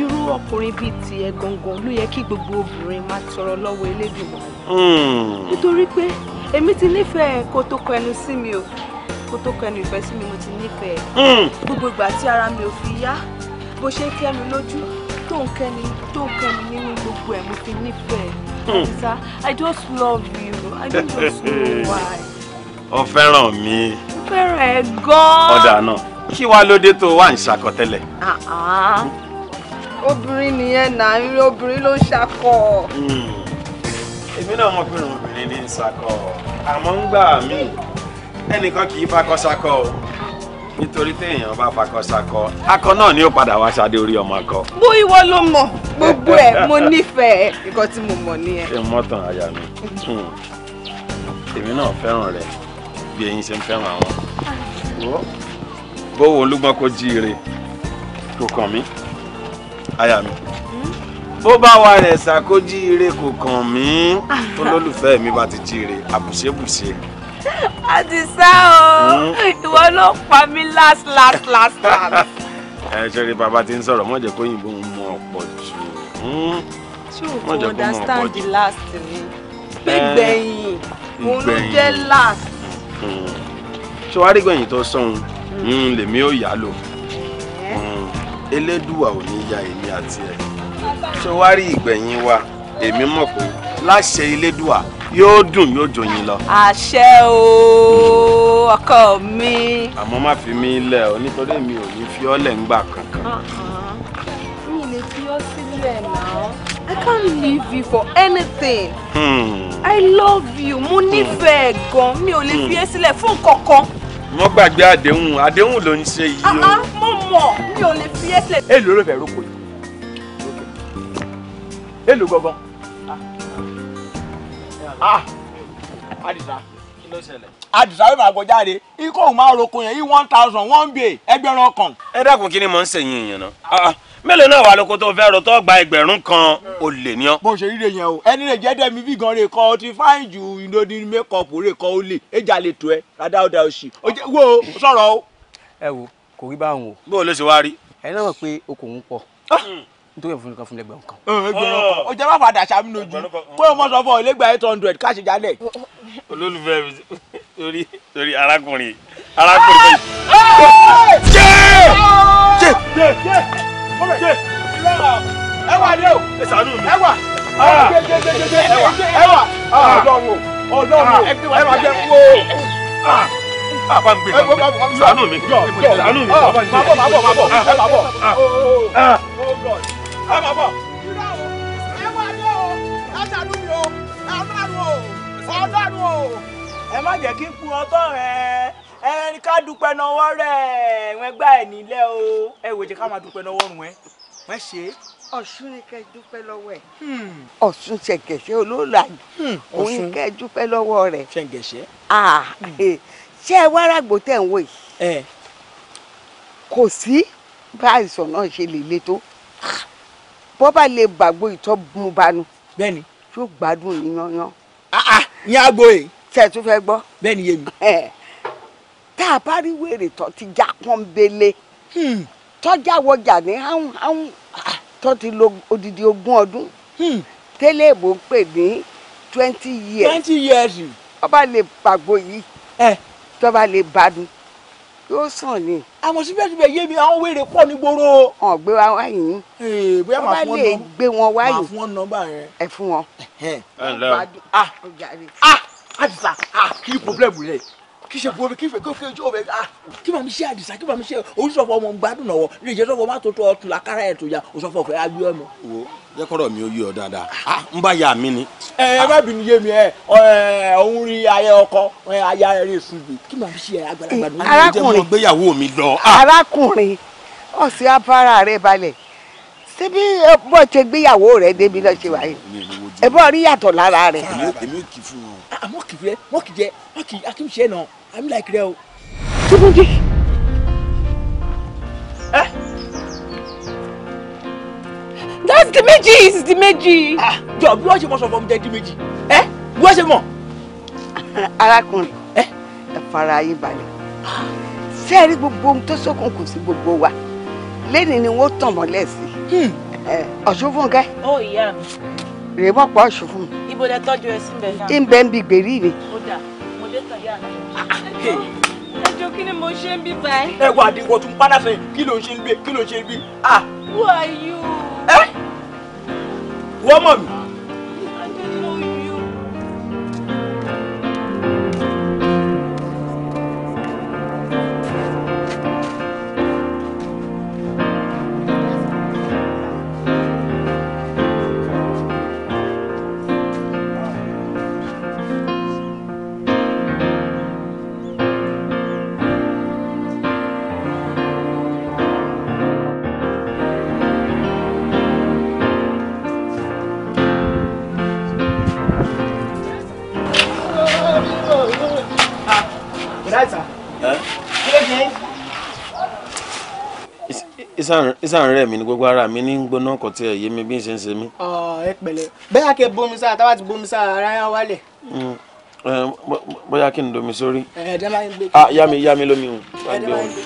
irú ọkùnrin bíi tiẹ̀ gangan ló yẹ kí gbogbo obìnrin máa tọrọ lọ́wọ́ Elédùmarè. Hmm. nítorí pé èmi ti nífẹ̀ẹ́ kó tó kọ sí mi o kó tó kọ ìfẹ́ sí mi mo ti nífẹ̀ẹ́. Hmm. gbogbo ìgbà tí ara mi ò fi yá bó ṣe ń lójú tó ń nínú gbogbo ẹ̀ mo fi nífẹ̀ẹ́ ọ̀sá hmm. i just love you i don't just know [LAUGHS] why. o fẹ́ràn mi. o fẹ́ràn ẹ gan-an. ọ̀dà náà kí wàá lóde tó wà ń ṣakọ tẹ́lẹ̀. Uh-uh. obìnrin nìyẹn náà irú obìnrin ló ń ṣakọ. Hmm. èmi náà mọ̀ pé obìnrin ní ń ṣakọ àmọ́ ń gbà mí ẹnìkan kì í fakọ ṣakọ o nítorí téèyàn bá fakọ sakọ akọ náà ni ó padà wá ṣadé orí ọmọ akọ. bó ìwọ ló mọ gbogbo ẹ mo [LAUGHS] nífẹ̀ẹ́ nǹkan tí mo mọ̀ nìyẹn. ṣé mọ́tàn àyà mi hmm. èmi náà fẹ́ràn rẹ̀ bí ẹ̀yin ṣe ń fẹ́ràn àwọn. bówó olúgbọ́n kò jíire kò kàn mí àyà mi bó bá wa rẹ̀ ṣàkójíire kò kàn mí [LAUGHS] olólùfẹ́ mi bá ti jíire àbùṣebùṣe àdìsá o mm. ìwọ ló pa mí last last last last. [LAUGHS] ẹ ṣe rí bàbá tí ń sọ̀rọ̀ mọ́ jẹ́ kó yìnbó ń mú ọ̀pọ̀ jù. mọ́ hmm? jẹ́ kó mú ọ̀pọ̀ jù. tí o understand the last ni pé gbẹ̀yìn òun ló jẹ́ last. Hmm. ṣé wàá rí gbẹ̀yìn tó sọ̀hún hmm. lèmi ò yá lò eh? elédùà ò ní ya èmi àti ẹ̀ ṣé wàá rí ìgbẹ̀yìn wa èmi mọ̀ pé láṣẹ elédùà yóò dùn yóò jò yín lọ. àṣẹ o ọkọ mi. àmọ́ má fi mí lẹ̀ o nítorí mi ò ní fi ọ́ lẹ̀ ńgbà kankan. Uh-uh. mi lè fi ọ́ sílẹ̀ náà I can't leave you for anything. Hmm. I love you mo hmm. nífẹ̀ẹ́ gan mi ò lè hmm. fi ẹ́ sílẹ̀ fún kankan. wọ́n gbàgbé àdéhùn àdéhùn ló ń ṣe yìí o. Uh-uh. mo mọ̀ mi ò lè fi ẹ́ sílẹ̀. èlò ló fẹ́ roko yìí èlò gangan àdìsá ah! kí ló ṣẹlẹ̀. àdìsá yóò máa gbọ́jà de ikọ̀ òun máa roko yẹn yìí one thousand one bay ẹgbẹ̀rún ọkàn. ẹ dákun kí ni mò ń sèyìn yẹn náà ah, ah, mélòó náà wà lóko tó fẹ́ ro tó gba ẹgbẹ̀rún kan ò lè ní ọ. bó ṣe ríre yẹn o ẹni lè jẹ́ dẹ́mi bí gan-an rè kọ́ ọ ti fáìn jù ìlòdì mẹ́kọ̀ọ̀pù rè kọ́ ó lè éjà lè tó ẹ rádá ó da ó sì ó wo sọ̀rọ̀ o. ẹ wo kò rí báwọn o. bó o ló ṣe wá rí. ẹ náà mọ̀ pé okòwò ń pọ̀ nítorí ẹ̀fọn kan fún ẹgbẹ̀rún kan. ẹgbẹ̀rún kan ọjọ́ bá padà sàmì lójú kó o mọ sọ fún ọ ilé gba eight hundred káṣí jalè. olólùfẹ́ mi torí torí arákùnrin arákùnrin bẹ́ẹ̀. jẹ́ jẹ́ jẹ́ jẹ́ jẹ́ ẹ wà ní o ẹ sànú mi ah. ẹ wà ẹ wà ẹ wà ọlọ́run ọlọ́run ẹ wà jẹ́ ah. fún o ah. bá ń gbé lọ sànú mi sànú mi. màbọ̀ màbọ̀ màbọ̀ màbọ̀ ẹ máa bọ̀. irọ́ o ẹ wá lé o ẹ ṣàánú mi o ọlọ́run o ọlọ́run o. ẹ má jẹ́ kí n kú ọtọ́ rẹ ẹni ká dúpẹ́ náwó rẹ̀ wọ́n gbá ẹ̀ nílẹ̀ o ẹ wò jẹ́ ká máa dúpẹ́ náwó rùn ẹ wọ́n ṣe é. ọ̀ṣun ni kẹ́ ẹ dúpẹ́ lọ́wọ́ ẹ̀. Hmm. ọ̀ṣun ṣẹ̀gẹ̀ṣẹ̀ olóòlàjì hmm, òun kẹ́ dúpẹ́ lọ́wọ́ rẹ̀. ṣẹ̀gẹ̀ṣẹ̀. Hmm. Eh, ṣé ẹ wá ràgbò tẹ̀ ń wò yìí. kò sí bá àìsàn náà ṣe lè le tó bó bá lè gbàgbó ìtọ́ mu banu. bẹ́ẹ̀ni. yóò gbádùn ní yanyan. ní ah, ah, agbo yìí. tẹ tún fẹ́ gbọ́. bẹ́ẹ̀ni yé mi. tá a bá rí wèrè tó ti já pọ́nbélé hmm. tọ́jà wọjà ní áhùn áhùn ah, tó ti lo odidi ogún ọdún hmm. tẹ́lẹ̀ èbó ń pè ní twenty years. twenty years. ọba lè gbàgbó yìí tọ́ba lè banu yóò sàn ni. àmọ́ síbẹ̀síbẹ̀ yé mi àwọn wèrè pọ̀ ní gbòòrò. wọn gbé wa wá yìí. ee eh, bóyá màá fún ọ nọ wọn bá lè gbé wọn wá yìí. màá fún ọ nọ́mbà rẹ. ẹ fún wọn. ẹ ǹlẹ́ o. a a àdìsá a kì í pọ́blẹ́mù rẹ kí ṣe bomi kí fẹ kí ojú ọbẹ ah kí màmí ṣe àdìsá kí màmí ṣe oríṣọfọ ọmọ gbádùn náà lè jẹ sọfọ má tó tọ ọtún lákàrà ẹ tó ya òṣọfọ ọfẹ agbé ọmọ. wo jẹkọrọ mi ò yí ọ dáadáa ah ń bá ya mi ni. ẹ ẹ má bínú yé mi ẹ ẹ òun rí ayé ọkọ aya rẹ rè sùn bi kí màmí ṣe àgbàlagbà ló ń jẹ mọ gbéyàwó mi lọ. Ah. arákùnrin ọ̀sìn afárá rẹ balẹ̀ síbí bó ṣe gbéyàwó rẹ débi lọ ṣe wáyé ẹ bọ́ rí yàtọ̀ lára rẹ̀. èmi ò kì í fún Ah, ah, mọ́ọ̀kì rẹ mọ́ọ̀kì jẹ mọ́ọ̀kì akímṣẹ́ náà àmì láìkì rẹ o. túbúndì. ẹ. Eh? that's the méjì is the méjì. Ah, jọ bí wọ́n ṣe mọ sọ fún mi jẹ́ di méjì ẹ eh? bí wọ́n ṣe mọ. [LAUGHS] arákùnrin eh? ẹ fara yín balẹ̀ ṣé ẹ rí gbogbo ohun tó sókun kù sí gbogbo wa lẹ́ni ni wọ́n tàn mọ́lẹ̀ sí. Hmm. ọ̀ṣun fúnkẹ́. ó oh, ìyá mi rèé mọ̀ pọ̀ ṣù fún mi. ibo lẹ tọ́jú ẹ síbẹ̀ náà. ìbẹ̀ ń bi gbèrí mi. ó dà mo dé tàn yá mi. ẹjọ́ kí ni mo ṣe ń bí báyìí. ẹ wà á di wọ́n tún padà sẹ́yìn kí ló ń ṣe ń bí kí ló ń ṣe ń bí. who are you. ẹ eh? wọ́n mọ̀ mi. mú. isan rẹ mi ni gbogbo ara mi ní gbóná ọkọ tí ẹ yé mi bí n ṣe ń ṣe mí. ẹ pẹ̀lẹ́ bẹ́ẹ̀ kẹ́ bomi sáà táwa ti bomi sáà ara yẹn wálẹ̀. Mm. bóyá kí n domi sórí. ẹ jẹ́ máa ń gbé. Ah, yá mi lómi o. ẹ jẹ́ máa ń gbé.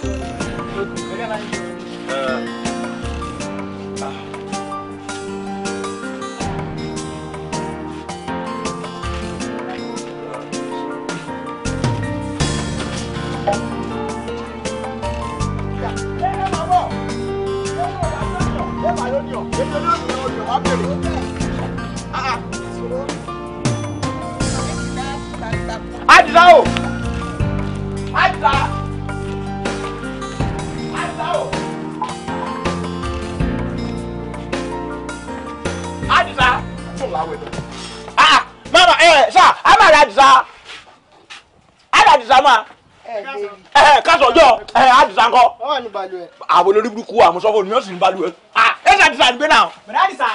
ẹ kásọjọ ẹ àdìsá ńkọ́. ọwọ ní balùwẹ̀. àwọn olórí burúkú àmúṣọfọ ni wọn sì ní balùwẹ̀. ah ẹ ṣe àdìsá nígbẹ náà. bẹ̀rẹ̀ àdìsá.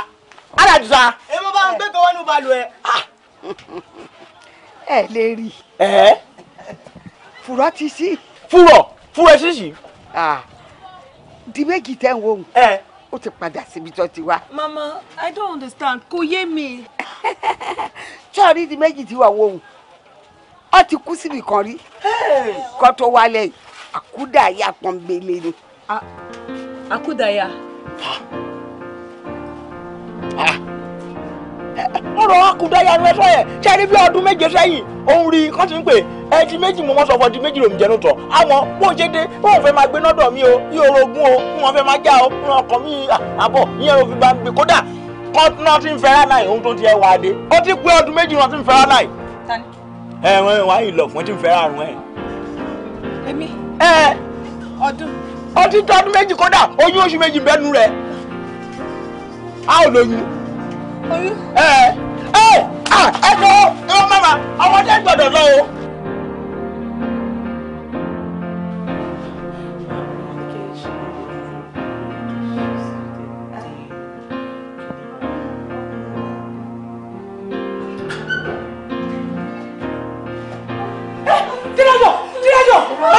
ara àdìsá. ẹ mo bá ń gbé kọ́wọ́ ní balùwẹ̀. Ah. ẹ lè rí. ẹ. Eh? fùrọ̀ ti sí. fúrọ̀ fúrọ̀ ẹ sì sí. Ah. di méjì tẹ́ ń wò ó eh. ó ti padà síbi tó ti wá. mama i don't understand kò yé mi. sọ́ọ̀rí [LAUGHS] di méjì ti wà wò ó ti kú síbi kan rí kó tó wálẹ̀ àkúdàáyà pọ́nbélé ni. àkúdàáyà. mo rọ àkúdàáyà rẹ sọ yẹ ṣe rí bí ọdún méje sẹ́yìn òun rí kó ti ń pè ẹ ti méjì mo mọ sọ fọ di méjì lòún jẹnu tọ àmọ́ bó ṣe dé bóun fẹ́ máa gbé nọdọ mi o yí orogún o n wọn fẹ́ máa já o n ọkàn ah, mi àbọ ìyẹn òfin gbàgbé kódà kọ́ńtínọ́ọ̀tì ń fẹ́ràn náà òun tó ti ẹ̀ wá dé ó ti pé ọdún méjì wọn ti ń fẹ́ràn náà ẹ wọn wá ìlọ̀fún tí ń fẹ́ àrùn ẹ. èmi. ẹ ọdún. ọtí tó ọdún méjì kódà oyún oṣù méjì bẹ́nu rẹ̀ a ò lóyún. oyún. ẹ ẹ ẹ ẹ jọ ẹ wọ́n mọ̀ ma ọmọdé gbọ́dọ̀ lọ o.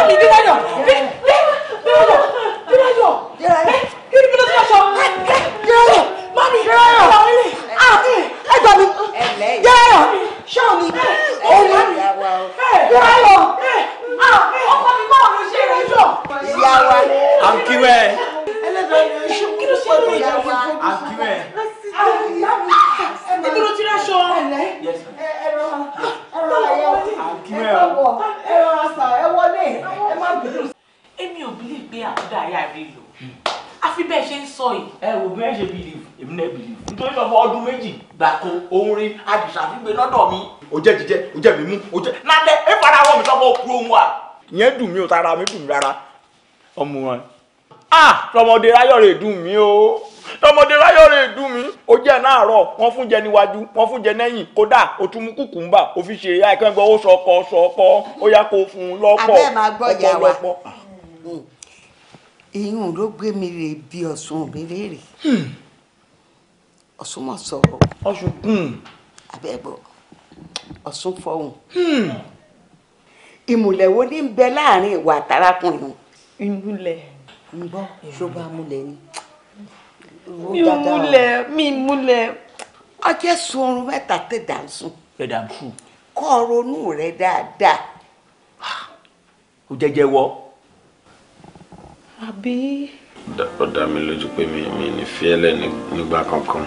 mi bí wọ́n yàn bí ìyẹn dùn mí o tara mi dùn mí rárá ọmọ wọn ah tọmọdé ráyọ̀ rè dùn mí o tọmọdé ráyọ̀ rè dùn mí o jẹ́ náàárọ̀ wọ́n fún jẹ níwájú wọ́n fún jẹ lẹ́yìn kódà o tún mú kùkùmbà o fi ṣe àìkọ́ ẹgbẹ́ ó sọ ọkọ sọ ọkọ ó yá kó fún un lọ́pọ̀ ọkọ ìyún ló gbé mi rè bí ọ̀sùn mi léèrè hmm. ọ̀sùn mọ̀ sọ̀rọ̀ ọ̀sùn kùn hmm. abẹ́ bọ̀ ọ̀sùn fọ̀hún. Hmm ìmùlẹ̀ wo ní bẹ láàrin ìwà àtàràkùnrin. ìmùlẹ̀. ń gbọ́ ṣó bá múlẹ̀ ni. mi múlẹ̀ mi múlẹ̀. ọjọ́ sun oorun mẹ́ta tẹ̀ dà ń sùn. tẹ̀ ronú rẹ dáadáa. ó jẹjẹ wọ. àbí. ó dá mi lójú pé mi mi ní fíẹ́lẹ̀ nígbà kankan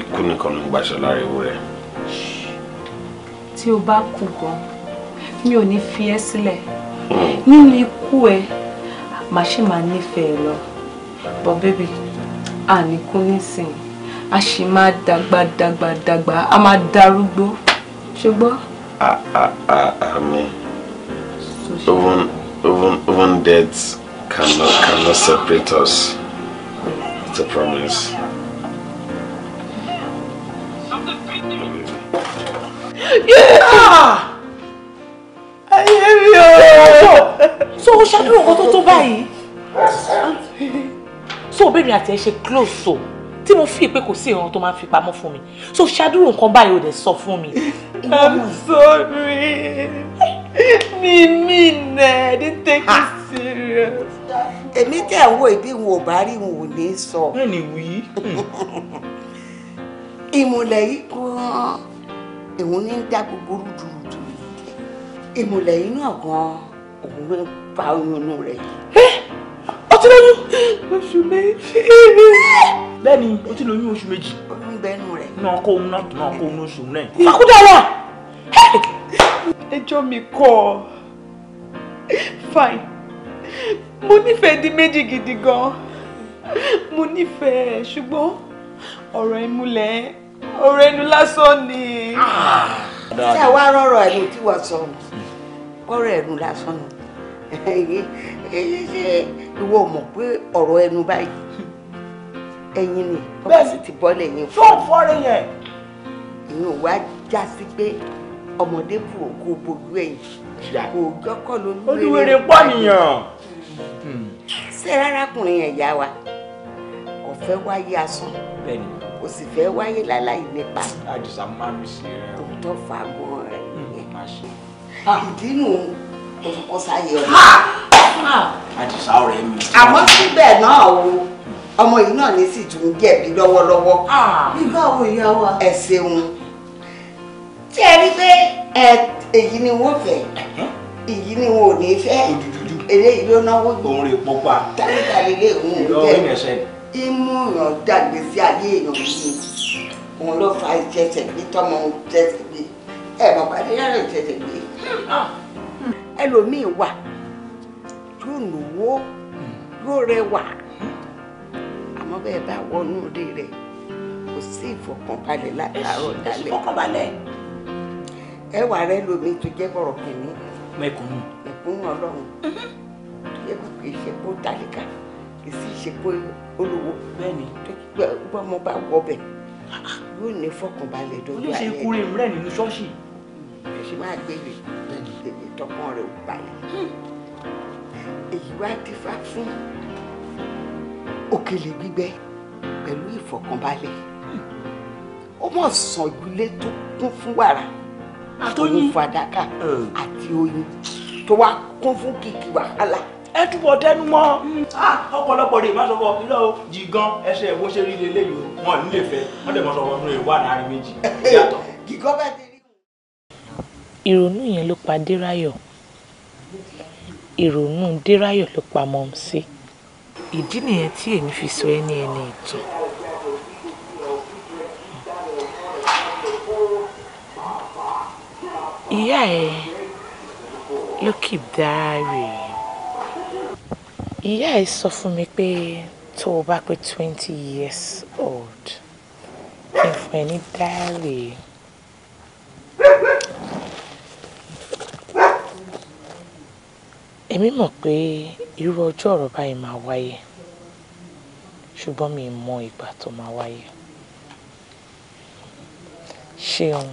ikú nìkan ló ń gbaṣọ lára ewu tí o bá kú gan mi ò ní fi ẹ́ sílẹ̀ nínú ikú ẹ màá ṣì máa nífẹ̀ẹ́ lọ but baby àníkú nísìnyí a ṣì máa dàgbà dàgbà dàgbà a máa darúgbó ṣùgbọ́n. àmín even even even death cannot cannot separate us it's a promise. ayé mi o. so o ṣàdúrà nǹkan tó tó so bẹ́ẹ̀ mi àti ẹ ṣe close so tí mo fi pé kò sí ìran tó máa ń fi pamọ́ fún mi so ṣàdúrà nǹkan báyìí ò dẹ̀ sọ fún mi. i'm sorry mi mi nẹ i didn't take it serious. èmi tẹ̀ ń wo ìbí wọn ò bá rí wọn ò ní sọ. bẹ́ẹ̀ ni wí. ìmùlẹ̀ yìí gan èwo ní dá gbogbo rúdurùdu yìí ìmùlẹ̀ inú ọ̀gán òun ló ń pa oyún inú rẹ̀. ó lóyún oṣù méjì. bẹ́ẹ̀ni ó lóyún oṣù méjì. oyún bẹ́ẹ̀nu rẹ̀. náà kó òun náà náà kó òun oṣù náà. àkúdà wà. ẹjọ́ mi kọ́ ọ fine mo nífẹ̀ẹ́ di méjì gidi gan mo nífẹ̀ẹ́ ṣùgbọ́n ọ̀rọ̀ ìmúlẹ̀ ọ̀rọ̀ ẹnu lásán ni. tí ah, àwa rọrọ ẹnu tí wọ́n sọ ọ̀rọ̀ ẹnu lásán ni [LAUGHS] ìwọ mọ̀ pé ọ̀rọ̀ ẹnu báyìí ẹyin ni ọba sì ti bọ́ lẹ́yìn fún. tó fọ́ọ̀rẹ́ yẹn. ìyẹn wá já sí pé ọmọdé bù ó kó bojú ẹ̀yìn kò gbọ́kọ̀ ló lóore. olùwèrè pọ̀ nìyàn. ṣé arákùnrin yẹn wa ọ̀fẹ́ wáyé asán. bẹ́ẹ̀ni kò sì fẹ́ wáyé láláì nípa. àdìsá máa mi sí rẹ. tòótọ́ fagbọ́n rẹ hmm, nìyẹn. Ah! ìdí nù kó sáyé ọ̀nà. àdìsá ọ̀rẹ́ mi. àmọ́ síbẹ̀ náà o ọmọ yìí náà ní sì tún jẹ̀bi lọ́wọ́lọ́wọ́. nígbà ah! wo ìyá wa. ẹ ṣeun tí ẹ rí pé èyí ni wọ́n fẹ́ èyí ni wọn ò ní fẹ́ eléyìí ló náwó gbòòrò ìpọ́pá. tálítàlí lè hùn jẹ́. ìlọrin ẹ̀sẹ̀ ìmúràn dàgbé sí ayé èèyàn yìí òun ló fa ìjẹsẹ̀ gbé tọmọ jẹsẹ̀ gbé ẹ̀rọ pàdé yàrá ìjẹsẹ̀ gbé ẹlòmíín wà yóò lówó yóò rẹwà àmọ́ bẹ́ẹ̀ bá wọnú rí rẹ̀ kò sí ìfọkànbalẹ̀ látàárọ̀ dalẹ́ ìfọkànbalẹ̀ ẹwà rẹ lomi tó jẹ́ bọ̀rọ̀ kìíní mẹ̀kúnnù ọlọ́run mhm. yẹ kó kì í ṣe kó kì í sì ṣe pé olówó bẹ́ẹ̀ni gbọ́ ọmọ bá wọ ọbẹ̀ yóò ní fọkànbalẹ̀ dọ́jú ayẹyẹ olùṣe kúrẹ́ rẹ̀ nínú ṣọ́ọ̀ṣì ṣe máa gbélé èyí tọkàn rẹ̀ balẹ̀ hmm. èyí wá dífá fún òkèlè gbígbẹ pẹ̀lú ìfọkànbalẹ̀ ó mọ̀ sàn ìgbélé tó kún fún wàrà àtòyìn àti oyin tó wá kún fún kìkì wàhálà ẹ túbọ̀ tẹnu mọ́ ah, ọ̀pọ̀lọpọ̀ rè má sọ fọ irọ́ o jìgan ẹsẹ̀ bó ṣe rí lélẹ́ yìí o wọn nílé fẹ́ wọn dẹ̀ mọ́ sọ fọ fún ìwà láàrin méjì yàtọ̀. [LAUGHS] ìrònú yẹn ló pa Dérayọ̀ ìrònú Dérayọ̀ ló pa mọ́ sí. ìdí nìyẹn tí èmi fi sọ ẹni ẹni ìtàn. ìyá ẹ ló kì í dáa rèé ìyá ẹ sọ fún mi pé tó o bá pé twenty years old kí n fún ẹ ní dáárì. èmi mọ̀ pé irú ọjọ́ ọ̀rọ̀ báyìí máa wáyé ṣùgbọ́n mi mọ ìgbà tó máa wáyé ṣeun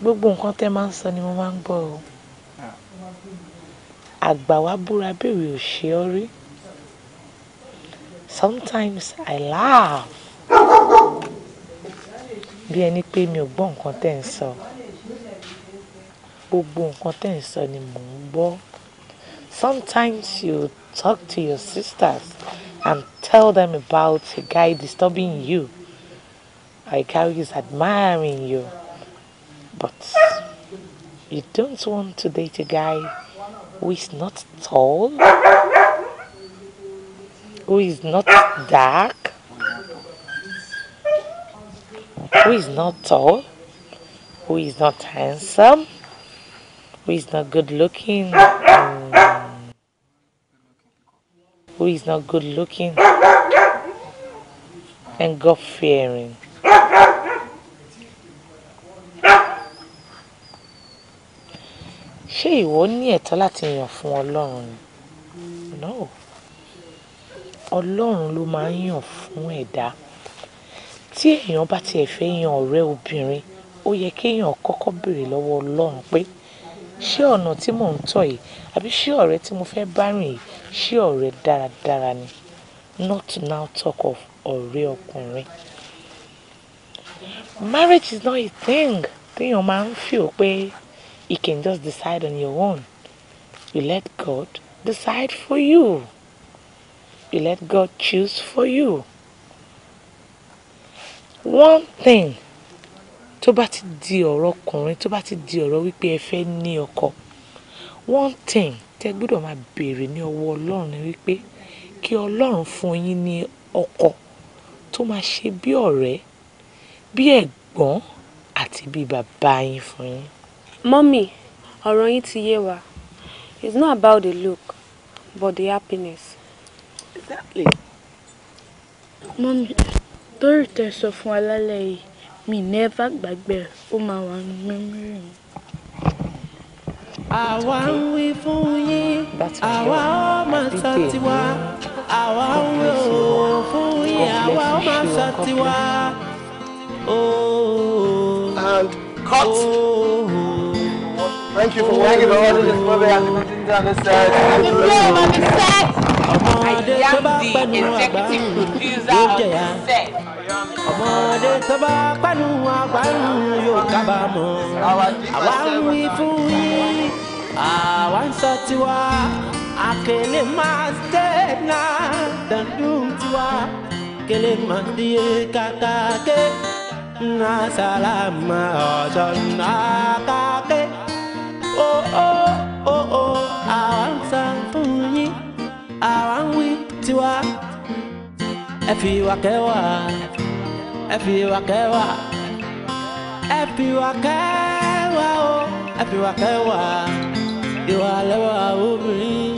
gbogbo nǹkan tẹ́ máa ń sọ ni mo máa ń gbọ́ o àgbàwábúrabeèrè ò ṣe ọ́ rí. Sometimes I laugh bí ẹni pé mi ò gbọ́ nǹkan tẹ́ ń sọ gbogbo nǹkan tẹ́ ń sọ ni mò ń gbọ́. Sometimes you talk to your sisters and tell them about a guy disturbing you. A guy is admiring you. But you don't want to date a guy who is not tall, who is not dark, who is not tall, who is not handsome, who is not good looking, who is not good looking and God fearing. ṣé ìwọ ní ẹ̀tọ́ láti yàn fún Ọlọ́run ni? No. Ọlọ́run ló máa ń yàn fún ẹ̀dá. Tí èèyàn bá tiẹ̀ fẹ́ yan ọ̀rẹ́ obìnrin, ó yẹ kí èèyàn kọ́kọ́ bèrè lọ́wọ́ Ọlọ́run pé ṣé ọ̀nà tí mò ń tọ̀ yìí àbí ṣé ọ̀rẹ́ tí mo fẹ́ bá rìn yìí ṣé ọ̀rẹ́ dáradára ni? Not to now talk of ọ̀rẹ́ ọkùnrin. Marriage is not a thing tí èèyàn máa ń feel pé. You can just decide on your own. You let God decide for you. You let God choose for you. One thing tó bá ti di ọ̀rọ̀ ọkùnrin tó bá ti di ọ̀rọ̀ wípé ẹ fẹ́ ní ọkọ one thing tẹ gbọ́dọ̀ máa béèrè ní ọwọ́ ọlọ́run wípé kí ọlọ́run fún yín ní ọkọ tó máa ṣe bí ọ̀rẹ́ bí ẹ̀gbọ́n àti bí bàbá yín fún yín mọ́mì ọ̀rọ̀ yín ti yé wa it's not about the look but the happiness. exactly. mọ́mì torí tẹ́ sọ fún wa lálẹ́ yìí mi never gbàgbé ó máa wà ní memory. mi. àwa ń wí fún yín àwa ó máa sọ tiwa àwa ń wí fún yín àwa ó máa sọ tiwa. Oh. and cut. Oh, oh. Thank you for watching. Thank you for watching this movie and the meeting down this side. The film on the set. I am the executive producer of the set. ọmọdé tó bá pẹ̀lú agbárùn yóò kábàámọ̀ àwa ń wí fún yín àwa ń sọ tiwa àkèlè máa ṣe náà dandun tiwa kele mandi kakake na salama ọjọ́ na kakake ó ó ó ó àwa ń ta fún yín àwa ń wí tiwa ẹ fi wà kẹwà ẹ fi wà kẹwà ẹ fi wà kẹwà o ẹ fi wà kẹwà ìwà lẹ́wà obìnrin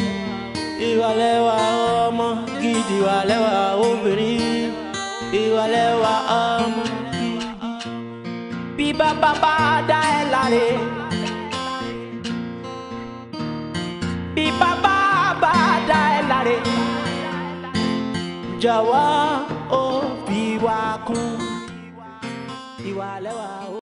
ìwà lẹ́wà ọmọ gidi ìwà lẹ́wà obìnrin ìwà lẹ́wà ọmọ gidi bí bàbá bá dá ẹ láre. bí bàbá bá dá ẹ láre jọ̀wọ́ ó fi wá kún ìwà